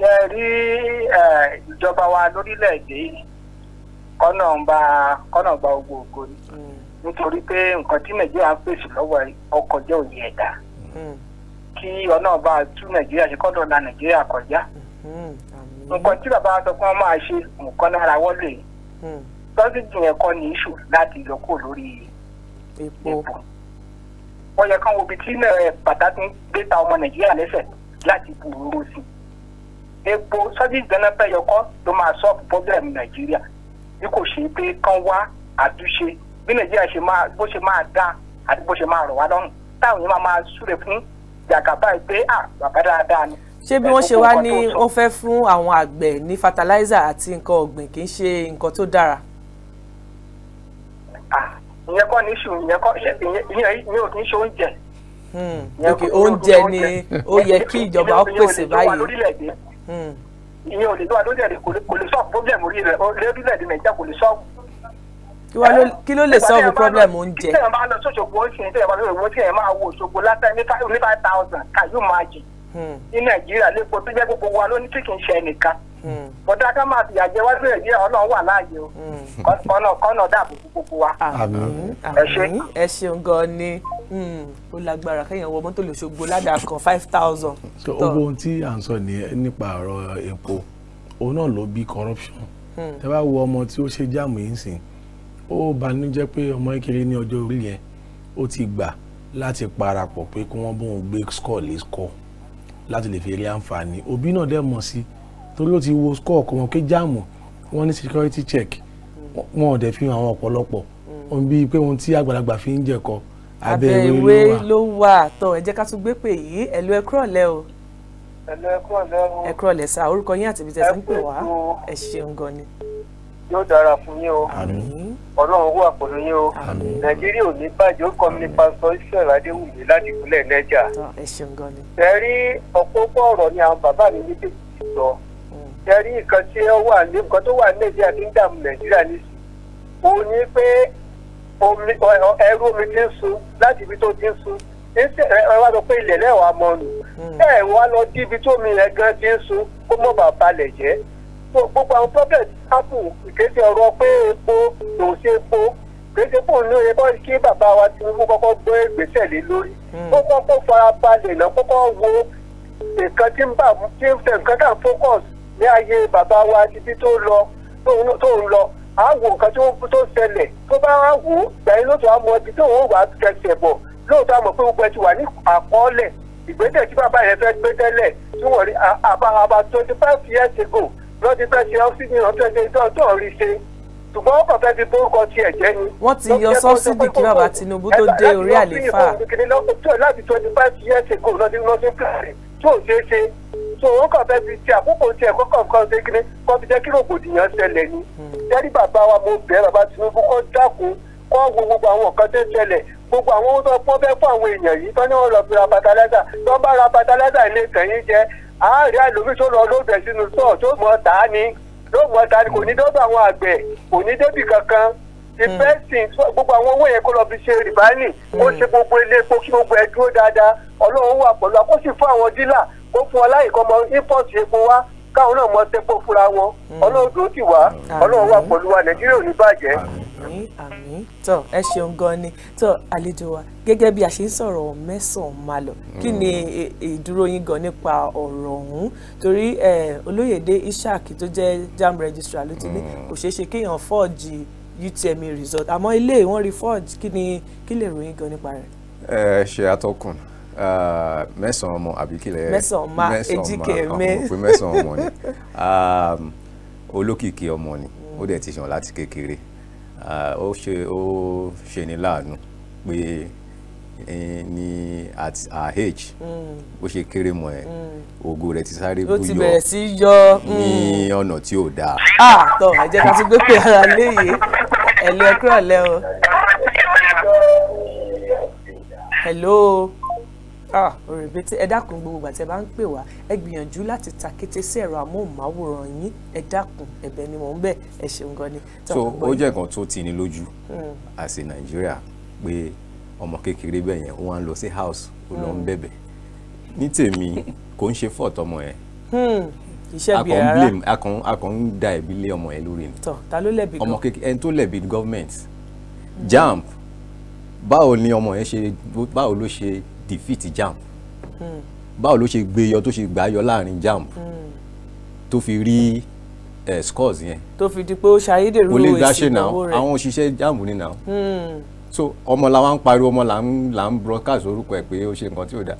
ṣe rí ìjọba wa lórílẹ̀‐èdè kọ́nà ń bá kọ́nà gba ogbó ògo ni hmm. nítorí pé nǹkan tí nàìjíríà ń pèsè lọ́wọ́ ọkọ̀ jẹ́ òye ẹ̀dá hmm. kí ọ̀nà bá tú nàìjíríà ṣe kọ́dọ̀ na nàìjíríà kọjá hmm. nǹkan tí bàbá sọ ṣe nǹkan lára wọ́lé iṣu láti kúrò epo wọ́n yẹ kán wo ibi tí ń gbé ta bu sí epo sọ́jí ìgbẹ́nàpẹ́ yọkọ́ ló máa solve problem nàìjíríà bí kò ṣe pé kán wá àtúnṣe bí nàìjíríà ṣe máa bó ṣe máa dá àti bó ṣe máa rọ̀ wá lọ́rùn táwọn yẹn máa máa súre fún jàgàbá ẹ pé à ah, bàbá dáadáa ni. ṣé bí wọ́n ṣe wá ní ó fẹ́ fún àwọn àgbẹ̀ ní fertilizer àti nǹkan ọ̀gbìn kì í ṣe nǹkan tó dára. Ah, ìyẹn kọ́ ní ṣù ìyẹn kọ́ ìyẹn ò kì í ṣe oúnjẹ. Hmm, oúnjẹ ni ó yẹ kí ìjọba ó pèsè báyìí ìyẹn ò lè lọ́wọ́ lórí ẹ̀rẹ̀ kò lè sọ́ọ̀bù pọ́blẹ́mù orí rẹ̀ lórílẹ̀‐èdè nàìjíríà kò lè sọ́ọ̀bù. kí ló lè sọ́ọ̀bù pọ́blẹ́mù oúnjẹ. tí èèyàn bá lọ sóṣogbo oṣù tí èèyàn bá lọ sóṣogbo èèyàn máa wo Òṣogbo lásán ní five thousand kàyó máa jì ní nàìjíríà lẹ́kọ̀ọ́ tó jẹ́ gbogbo wa ló ní tí kì í ṣe ẹnìkan kódà ká máa fìyà jẹ wá sílẹ̀ díẹ̀ ọlọ́run wà láàyè o ọ̀nà kọ́nà dàbò gbogbo wa. àmín ẹ ṣeun gan ni mm. ó lágbára kéèyàn wọ mọ́tò lè ṣògbó ládàá kan five thousand. so ogbó ohun tí à ń sọ nìyẹn nípa ọ̀rọ̀ epo òun náà ló bí corruption mm. tẹ bá wo ọmọ tí ó ṣe jáàmù yìí sìn ó banújẹ́ pé ọmọ kékeré ní ọjọ́ orí yẹn ó ti gbà láti parapọ̀ pé kí wọ́n bóun gbé score lé score láti lè fi rí àǹfààní òbí náà dẹ̀ mọ̀ sí i torí ó ti wo score kọ̀ọ̀kan ké jáàmù wọ́n ní security check wọn ò dẹ̀ fi hàn àwọn ọ̀pọ̀lọpọ̀ ohun bíi pé ohun tí àgbàlagbà fi ń jẹ̀kọ abẹ́ ìwé ló wà tọ́ ẹ jẹ́ ká tún gbé pè yìí ẹ̀lú ẹ̀kúrọ̀ lẹ́ o. ẹ̀lú ẹ̀kúrọ̀ lẹ́ o. ẹ̀kúrọ̀ lẹ́ sá orúkọ yín àti ibìtẹ́sí ń pè wá ẹ ṣeun gan ni. yóò dára fún yín o ọlọ́run wà pẹ̀lú yín o nàìjíríà ò ní bàjẹ́ ó kọ́ mi nípa sọ israel adéwùmí láti ìpínlẹ̀ nẹ́jà. ẹ ṣeun gan ni. ẹ rí ọ̀pọ̀pọ̀ ọ̀rọ̀ ni àwọn bàbá mi méjèèjì sọ tẹ̀rí nǹkan tí ó wà ní nǹkan tó wà nídìí àti ń nàìjíríà ní sí òun ni pé ẹrú omi ti ń sun láti ibi tó ti ń sun ẹ wá sọ pé ilẹ̀ lẹ́wàá mọ́ nù hmm. ẹ wá lọ dí ibi tó mi yẹn gan ti ń sun kó mọ̀ bàa balẹ̀ jẹ́ gbogbo àwọn problem apple ìkéde ọ̀rọ̀ pé epo lòún ṣe epo gbèsè fún ní oyè bọ́ọ̀lù kí bàbá wa Tinubu kọ́kọ́ gbé ìgbésẹ̀ lé lórí hmm. ó kọ́kọ́ fara balẹ̀ náà kọ́kọ́ wo nǹkan tí ń bà tí ń tẹ nǹkan tá à ní ayé bàbá wa títí tó lọ tó ń lọ á wo nǹkan tó ṣẹlẹ̀ tó bá wá wò ó gbẹ̀yìn lóṣù àmọ́ ibi tó ń wà kẹsẹ̀ bọ̀ lóòótọ́ àmọ́ pé gbogbo ẹ ti wà ní àkọọ́lẹ̀ ìgbésẹ̀ tí bàbá yẹn fẹ́ gbé tẹ́lẹ̀ tí wọ́n rí àbáhàbá twenty five years ago lọ́ọ́ ti fẹ́ ṣe ọ́fíìsì náà tó ṣe tó tó rí ṣe ṣùgbọ́n ọkọ̀ fẹ́ fi bórúkọ tiẹ̀ jẹ́ ni. wọ́n ti yọ sọ́sídì kí bàbá Tinubu tó dé orí àlééfà. láti twenty five years ago lọ́ọ́ ti lọ́ọ́ ti ń pè é ṣeé ṣe so ó kàn fẹ́ fi ti àkókò tí ẹ̀kọ́ kọ̀ọ̀kan ṣe kíni kọ́ fi jẹ́ kí rògbòdìyàn ṣẹlẹ̀ ni hmm. jẹ́rí bàbá wa mo bẹ̀ẹ́ bàbá Tinubu kọ́ dákun kọ́ wo gbogbo àwọn nǹkan tó ṣẹlẹ̀ gbogbo àwọn owó tó pọ́n bẹ́ẹ̀ fún àwọn èèyàn yìí tán ni wọ́n lọ fi ra fatalaisa tó bá ra fatalaisa ilé ìtẹ̀yìn jẹ àárẹ̀ àlòmí tó lọ lóògbé sínú sọ́ọ̀ tó mọ̀ tá a ni ló mọ̀ ta ni kò ní dọ́dọ̀ àwọn àgbẹ̀ kò ní débì kankan ti hmm. bẹ́sìn gbogbo àwọn owó yẹn kó lọ fi ṣe rìbáìnì ó hmm. ṣe gbogbo ilé epo kí gbogbo ẹ dúró dáadáa ọlọ́run wà pẹ̀lú akó sì fún àwọn dílà kó fún aláì kọ́ mọ import epo wá káwọn náà mọ tẹ́pọ̀ fúnra wọn hmm. ọlọ́run ti wá ọlọ́run wà pẹ̀lú wa nàìjíríà ò ní bàjẹ́. àmín ẹ ṣeun gan ni tó àlejò wa gẹ́gẹ́ bí a ṣe ń sọ̀rọ̀ mẹ́sàn-án máa lọ kí ni hmm. ìdúró yín gan nípa ọ̀rọ̀ ọ̀hún torí olóyèdè ishaq tó jẹ́ jamb registrar ló ti ní hmm. kò ṣeé ṣe kéèyàn fọ́ọ̀jì UTME result àmọ́ ilé ìwọ̀n rí fọ́ọ̀jì kí ni kí lè ròyìn gan nípa rẹ̀. ẹ ṣe atọ́kùn mẹ́sàn-án ọmọ àbí kílẹ̀ mẹ́sàn-án ma ah, ejike mẹ́ ọmọ pé mẹ́sàn-án ọmọ ni um, olókìkí ọmọ ni ó dẹ̀ ti ṣàn láti kékeré ah, ó ṣe ó ṣe ní láàánú pé ní at her age hmm. ó ṣe kéré mọ́ ẹ hmm. ògo rẹ̀ ti sáré bú yọ ló ti bẹ̀rẹ̀ sí yọ ní hmm. ọ̀nà tí ò dáa. àtọ̀ ah, ẹ̀jẹ̀ ká tún gbé pé ara léyè ẹ̀lẹ́ ẹ̀kúrọ̀lẹ́ o. hello ọ̀rọ̀ ìbẹ́tẹ́ ẹ dákun gbogbo ìgbà tẹ́ bá ń pè wá ẹ gbìyànjú láti ta kété sí ẹ̀rọ amóhùnmáwòrán yín ẹ dákun ẹ̀bẹ̀ ni mò ń bẹ̀ ẹ ṣeun gan ni. so ó jẹ́ nǹkan tó tini lójú àṣì hmm. nàìjíríà pé ọmọ kékeré bẹ́ẹ̀ yẹn wọ́n á lọ sí house ó lọ ń hmm. bẹ̀bẹ̀ ní tèmi kò ń ṣe fọ́ọ̀t ọmọ yẹn hmm. iṣẹ́ bíi rárá akàn akàn ń da ẹ̀bi lé ọmọ yẹn lórí ni ọmọ kékeré ẹni government jamb báwo ni ọmọ yẹn defeat JAMB hmm. báwo ló ṣe gbé yọ tó ṣe gbà yọ láàrin JAMB hmm. tó fi rí ẹ scores yẹn. tó fi di pé ó ṣàyédèrú ìṣèlówó rẹ̀ àwọn òṣìṣẹ́ JAMB ni náà hmm. so ọmọ la wa ń pariwo ọmọ la ń la ń broadcast orúkọ ẹ pé ó ṣe nǹkan tí ò dáa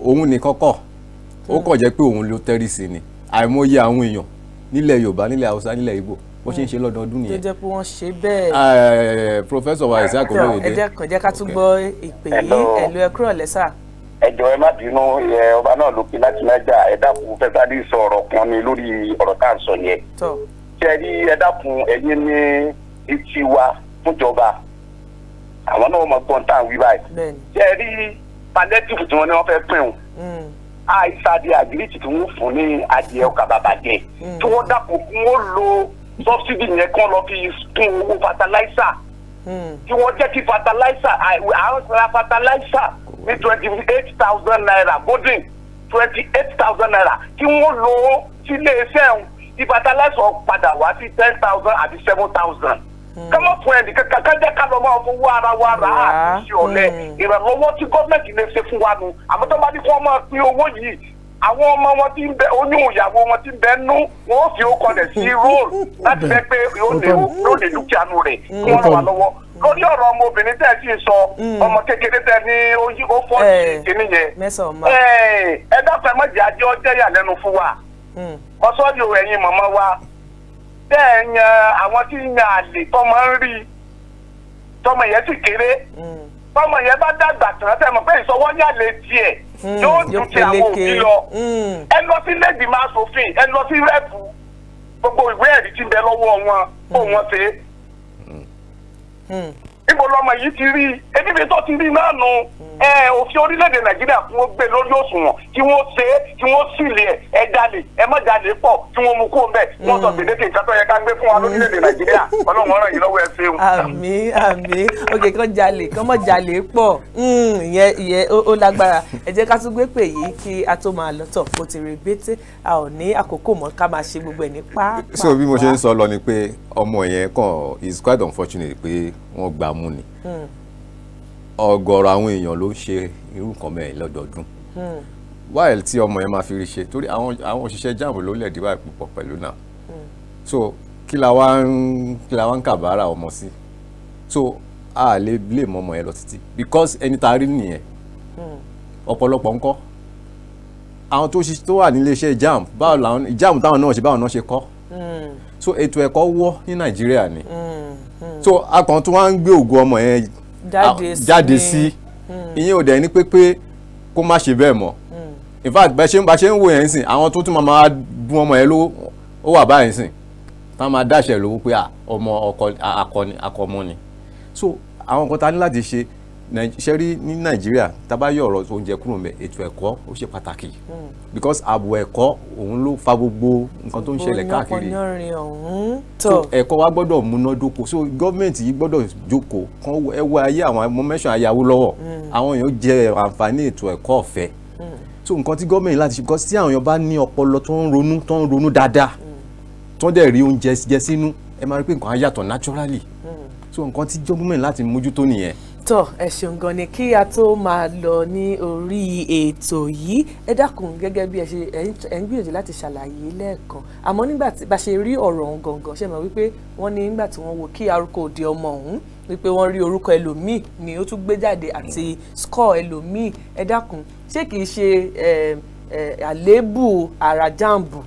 òun nìkan kọ́ ó kàn jẹ́ pé òun ló tẹ́rì sí ni àìmọye àwọn èèyàn nílẹ̀ Yorùbá nílẹ̀ Haúsá nílẹ̀ Ìgbò bó ṣe ń ṣe lọ́dọọdún nìyẹn. tó jẹ́ pé wọ́n ṣe bẹ́ẹ̀. Ah, professor wa isaac olóyèdè. ẹ jẹ́ kàn jẹ́ ká tún gbọ́ ìpè yìí ẹ̀lú ẹ̀kú ọ̀lẹ́ sà. ẹ ẹ má bínú ọba náà ló pe láti nájà ẹ dákun fẹsẹ àdé sọ ọ̀rọ̀ kan ni lórí ọ̀rọ̀ tá à ń sọ yẹn. ṣe rí ẹ dákun ẹ̀yin ní etí wa fúnjọba àwọn náà mọ gbọ́n tá à ń wí báyìí. ṣe rí palliative tí wọ́n ní wọ́n fẹ́ pín o àìsàdì àgírísì tí wọ́n fún ní adìẹ ọkà bàbà jẹ hmm. tí wọ́n dàpọ̀ kí wọ́n lo subsidy yẹn kàn lọ fi kún owó fertilizer hmm. kí wọ́n jẹ́ kí fertilizer àwọn ìsara fertilizer ní twenty eight thousand naira golden twenty eight thousand naira kí wọ́n lò ó sílé iṣẹ́ òun kí fertilizer padà wá sí ten thousand àti seven thousand hmm. kama fún ẹnì kankan kájá ká lọ máa fowó ara wa rà àti ṣe hmm. ìrànlọ́wọ́ tí gọ́ọ̀mẹ̀ntì lè ṣe fún wa nu àmọ́ bá ní kí wọ́n máa pín owó yìí àwọn ọmọ wọn ti ń bẹ oyún wọn ti ń bẹ nú wọn ó fi ókọ rẹ sí róòlù láti fẹ pé ó lè dúkìá nu rẹ kí wọn wà lọ́wọ́ lórí ọmọ obìnrin tẹ́ ẹ sì sọ mm. ọmọ kékeré tẹ́ ní ó fọ́ eh, eh, ẹ dákun ẹ má ajé fún wa mm. wa ẹ yan àwọn tí ń yan àlè tọmọ ń rí tọmọ yẹn kéré mm. tọmọ yẹn bá dàgbà tán pé Hmm. yóò dùn ti àwọn òbí lọ hmm. ẹ lọ sí lẹ́gbìmọ̀ asòfin ẹ lọ sí rẹ́ẹ̀pù gbogbo ìwé ẹ̀rí ti bẹ lọ́wọ́ wọn kó hmm. wọn ṣe níbo lọmọ yìí ti rí ebi mi tó ti rí náà nu mm. òfin orílẹ̀-èdè nàìjíríà kí wọ́n gbé lórí òṣùwọ̀n kí wọ́n ṣe é kí wọ́n sílè ẹ̀ ẹ jalè ẹ má jalè pọ̀ kí wọ́n mú kó mbẹ́ mm. wọ́n sọ gbèdéke nǹkan tó ká gbé fún wa lórílẹ̀-èdè nàìjíríà ọlọ́run ọ̀ràn yìí lọ́wọ́ ẹ ṣeun. àmín àmín òkè kan jalè kan mọ̀ jalè pọ̀ hmm, ìyẹn ìyẹn ó lágbára ẹ jẹ́ ká tún pè yìí kí a tó máa lọ́tọ̀ kò ti rè a ò ní àkókò mọ́ ká máa ṣe gbogbo ẹ̀ ní pàápàá. so bí mo ṣe ń sọ lọ ni pé ọmọ yẹn kàn is quite unfortunate pé wọ́n gbà mú ni hmm. ọ̀gọ̀rọ̀ àwọn èèyàn ló ṣe irú nǹkan bẹ́ẹ̀ lọ́dọọdún hmm. while tí ọmọ yẹn máa fi rí ṣe torí àwọn òṣìṣẹ́ JAMB ló lẹ̀ dìbà púpọ̀ pẹ̀lú náà hmm. so kí la wá ń kí la wá ń kàbára ọmọ sí so a lè lè mọ ọmọ yẹn lọ títí because ẹni tá a rí nìyẹn ọ̀pọ̀lọpọ̀ ńkọ́ àwọn tó wà nílé iṣẹ́ JAMB báwo làwọn JAMB táwọn náà ṣe báwọn náà ṣe kọ́ so ètò ẹ̀kọ́ wọ́ ní nàìjíríà ni mm, mm. so akàn tí wọ́n ń gbé ògo ọmọ yẹn jáde sí mm. ìyẹn ò dẹ̀ ní pépé kó má ṣe bẹ́ẹ̀ mọ́ in fact bá ṣe ń bá ṣe ń wò yẹn sìn àwọn tó tún máa máa bú ọmọ yẹn ló ó wà báyìí sìn táwọn máa dáṣẹ lówó pé ọmọ akọni akọmọ ni so àwọn kan ta ní láti ṣe ṣe rí ní nàìjíríà tábà yọ ọ̀rọ̀ oúnjẹ kúrò mẹ́ ètò ẹ̀kọ́ ó ṣe pàtàkì hmm. because ààbò ẹ̀kọ́ òun ló fa gbogbo nǹkan tó ń ṣẹlẹ̀ káàkiri so ẹ̀kọ́ wa gbọ́dọ̀ múnádóko so gọ́ọ̀mẹ̀ntì yìí gbọ́dọ̀ jókòó kan ẹ wá ayé àwọn ọmọ mẹ́sàn ayáwó lọ́wọ́ hmm. àwọn èèyàn jẹ àǹfààní ètò ẹ̀kọ́ ọ̀fẹ́ hmm. so nǹkan tí gọ́ọ̀mẹ̀ntì láti ṣe because tí àwọn èèyàn bá ní ọpọlọ tó ń ronú tó ń ronú dáadáa tó ń dẹ̀ rí oúnjẹ jẹ sínú ẹ máa rí pé nǹkan á yàtọ̀ naturally so nǹkan tí gọ́ọ̀mẹ̀ntì láti mójútó nìyẹn tọ ẹ ṣeun gan ni kí a tó máa lọ ní orí ètò yìí ẹ dákun gẹ́gẹ́ bí ẹ ṣe ẹ ń gbìyànjú láti ṣàlàyé lẹ́ẹ̀kan àmọ́ nígbà tí bá ṣe rí ọ̀rọ̀ ọ̀hún gangan ṣe mọ̀ wípé wọ́n ní nígbà tí wọ́n wo kí arúkọ ọmọ ọ̀hún wípé wọ́n rí orúkọ ẹlòmíì ni ó tún gbé jáde àti score ẹlòmíì ẹ dákun ṣé kìí ṣe àléébù ara jáàmù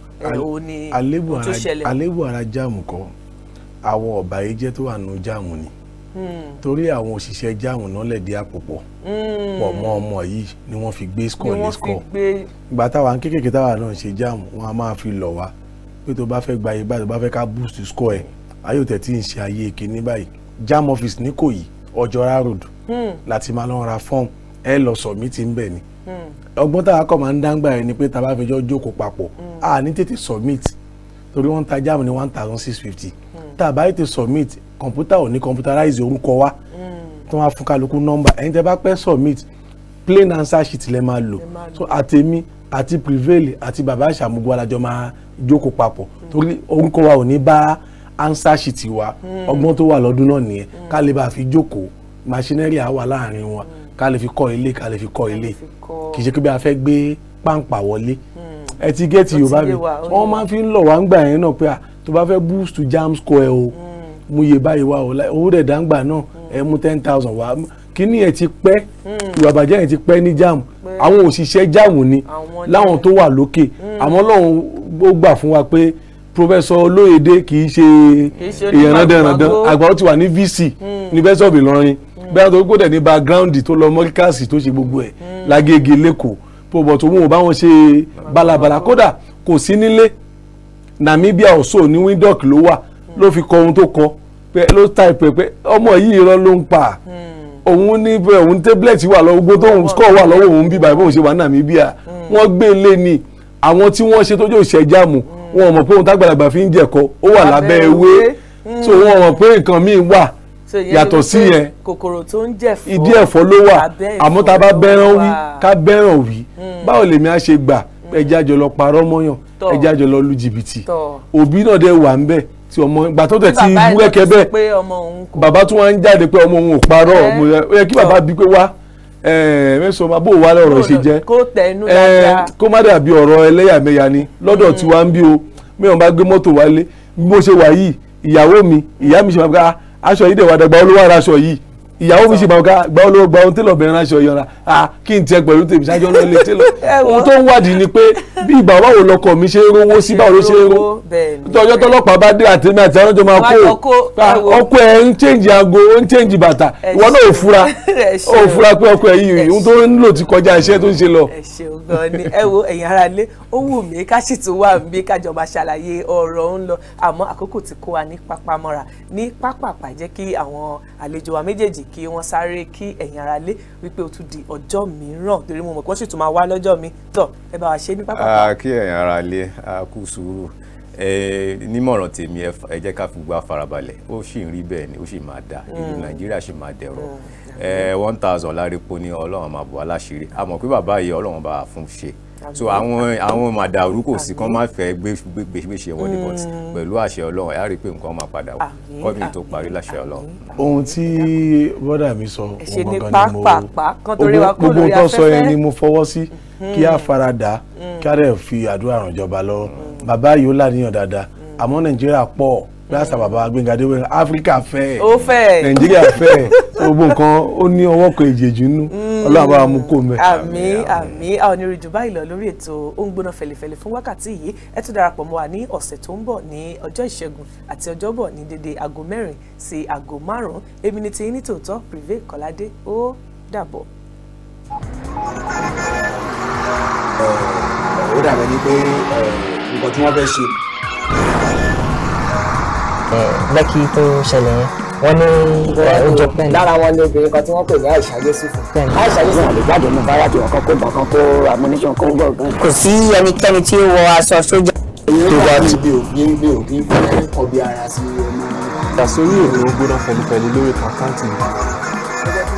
òun ni ó tún ṣẹlẹ̀. àléébù ara jáàmù kọ́ àwọn ọ̀bàyéjẹ́ tó wà nù jáàmù ni torí àwọn òṣìṣẹ́ jáwọn náà lẹ̀dí àpòpọ̀ hmm. pọ̀ mọ́ ọmọ yìí ni wọ́n fi gbé score ní score ìgbà táwa kéékèèké táwa náà ṣe jáàmù wọn a máa fi lọ̀ wá pé tó bá fẹ́ gba ibà tó bá fẹ́ ká boost score ẹ̀ ayé òtẹ̀ tí ń ṣe ayé kìíní báyìí JAMB office ní kò yí ọjọ́ra road hmm. láti máa lọ ra form ẹ lọ submit ń bẹ̀ ni hmm. ọgbọ́n táwa kọ̀ máa ń dáńgbà ẹ ni pé tá a bá jókòó papọ̀ a ní tètè submit torí wọ́n ń ta jam ní one thousand six fifty tá a bá tètè submit kọ̀ǹpútà ò ní kọ̀ǹpútàráìsì orúkọ wa tí wọ́n á fún kálukú nọ́mbà ẹ̀yin tẹ́ bá pẹ́ submit plain answer sheet lẹ́ máa lò so àtẹ̀mí àti prevail àti bàbá àṣàmúgbó alájọ máa jókòó papọ̀ hmm. torí orúkọ wa ò ní bá answer sheet wa hmm. ọgbọ́n tó wà lọ́dún náà nìyẹn hmm. ká lè bá fi jókòó machinery á wà láàrin wọn ká lè fi kọ́ ilé ká lè fi kọ́ ilé kì í ṣe pé bí a fẹ́ gbé pàǹpà wọlé ẹ ti gẹ́ẹ̀tì yorùbá mi wọ́n máa fi ń lọ̀ wá ń gbà yẹn náà pé à tó bá fẹ́ boost jam square o. Mm mú iye báyìí wá o owó dẹ̀ dáńgbà náà mm. ẹ mú ten thousand wa kíní ẹ̀ ti pẹ́ mm. ìwà ìbàjẹ́ yẹn ti pẹ́ ní jáàmù àwọn òṣìṣẹ́ jáàmù ni láwọn tó wà lókè mm. àmọ́ lọ́hùn ó gbà fún wa pé professor olóyèdè kì í ṣe ìràndanrandan àgbà ó ti wà ní vc ní best of ìlọrin bẹ́ẹ̀ tó gbọ́dọ̀ ní background tó lọ mọ́ríkàsì tó ṣe gbogbo ẹ̀ lágége lẹ́kọ̀ọ́ pọ̀bọ̀ tó wọn ò bá wọn ṣe balabala kódà kò sí nílé Namibia ọ̀ṣọ́ ní windhoek ló wà ló fi kọ ohun tó kọ pé ló ta ìpè pé ọmọ yìí irọ́ ló ń pa hmm. òun ní bẹ òun tablet wà lọ gbogbo tóun score wà lọ́wọ́ òun bíbá ìbọn òṣèwà Nàmíbíà hmm. wọ́n gbé lé ni àwọn tí wọ́n ṣe tójú òṣèjàmù hmm. wọn mọ̀ pé òun tágbàlagbà fi ń jẹ̀kọ ó wà lábẹ́ ewé so wọn mọ̀ pé nǹkan míì wà yàtọ̀ sí yẹn kòkòrò tó ń jẹ̀fọ́ ìdí ẹ̀fọ́ ló wà àmọ́ tá a bá bẹ́ràn wí ká bẹ́ràn wí báwo lèmi á ṣe gbà ẹjẹ́ àjọ lọ parọ́ mọ́yàn ẹjẹ́ lu jìbìtì òbí náà dẹ̀ wà ń bẹ̀ tí ọmọ ìgbà tó tẹ̀ tí wúrẹ́kẹ́ bẹ́ẹ̀ bàbá tó wá ń jáde pé ọmọ òun ò parọ́ ọmọ yẹ kí bàbá bí pé wá mẹ́sàn-án máa bó wa lọ́rọ̀ ṣe jẹ́ kó má dàbí ọ̀rọ̀ ẹlẹ́yàmẹ̀yà ni lọ́dọ̀ mm. tí wá ń bí o mẹ́wọ̀n bá gbé mọ́tò wálé bí mo ṣe wà yìí ìyàwó mi ìyá mi ṣe máa bá ah, aṣọ yìí dẹ̀ dàgbà olówó ara aṣọ yìí ìyàwó mi ṣe máa ká gba olówó gba ohun télò obìnrin ránṣọ yọra ah kí n tiẹ̀ pẹ̀lú tèmi ṣáájú ọ̀nà ilé télò ohun tó ń wádìí ni pé bí ìgbà báwo lọkọ mi ṣe rówó sí báwo ló ṣe rówó tọjọ́ tọlọ́pàá bá dé àtẹ̀mí àti àwọn ọjọ́ máa kó ọkọ ẹ̀ ń chẹ́ǹjì aago ń chẹ́ǹjì bàtà ìwọ náà ò fura ò fura pé ọkọ ẹ̀ yìí ohun tó ń lò ti kọjá iṣẹ́ tó ń ṣe lọ. ẹ kí wọ́n sáré kí ẹ̀yin ara lé wípé ó tún di ọjọ́ mìíràn torí mo mọ̀ pé wọ́n sì tún máa wá lọ́jọ́ mi tọ̀ ẹ bá wa ṣe ní pápá. kí ẹ̀yin ara lé kú sùúrù nímọ̀ràn tèmi ẹ jẹ́ ká fi gbà farabalẹ̀ ó sì ń rí bẹ́ẹ̀ ni ó sì máa dà ìlú mm. nàìjíríà sì máa dẹ̀rọ̀ mm. one thousand lárépo ní ọlọ́run máa bọ̀ aláṣírí a mọ̀ pé bàbá yìí ọlọ́run bá fún ṣe so àwọn àwọn màdàrú kò sí kán má fẹ́ gbéṣẹ́ wọlé but mm. pẹ̀lú àṣẹ ọlọ́run ẹ̀ á rí i pé nǹkan máa padà wá kọ́bí tó parí láṣẹ ọlọ́run. ohun tí bọ́dà mi sọ òun gangan ni mo gbogbo tó sọ yẹn ni mo fọwọ́ sí mm. kí a farada mm. kí a rẹ̀ fi àdúrà ràn jọba lọ bàbá yìí ó láníyàn dáadáa àmọ́ nàìjíríà pọ̀ gbàsà bàbá Gbẹ́ngà Adébóyè áfíríkà fẹ́ nàìjíríà fẹ́ gbogbo nǹkan ó ní ọwọ́ kan èjèèjì nínú ọlọ́run bá mú kó mẹ́. àmín àmín a ò ní rí jù báyìí lọ lórí ètò ó ń gbóná fẹlifẹli fún wákàtí yìí ẹ tún darapọ̀ mọ́ wa ní ọ̀sẹ̀ tó ń bọ̀ ní ọjọ́ ìṣẹ́gun àti ọjọ́bọ̀ ní dédé aago mẹ́rin sí aago márùn-ún èmi ni tiyín nítòótọ́ privé kọ́ládé ó dàbọ̀. ó dàbẹ̀ ni pé nǹkan tí wọ́n fẹ́ ṣe. lẹ́kì tó ṣẹlẹ̀ yẹn wọ́n ní oúnjẹ pẹ́ẹ́n. lára wọn ni obìnrin kan tí wọ́n pè ní Aisha Yusufu. Aisha Yusufu lè jáde ní báyà tí wọ́n kọ́ kó bọ̀ kan kó ammunition kó gbọ̀ gan. kò sí ẹnikẹ́ni tí ó wọ aṣọ sójà. tó bá ti bí òbí ń gbé òbí ń fẹ́ ọbẹ̀ ara sí ọmọ. ìdásórí òní ó gbóná fẹnifẹni lórí pàkáǹtì.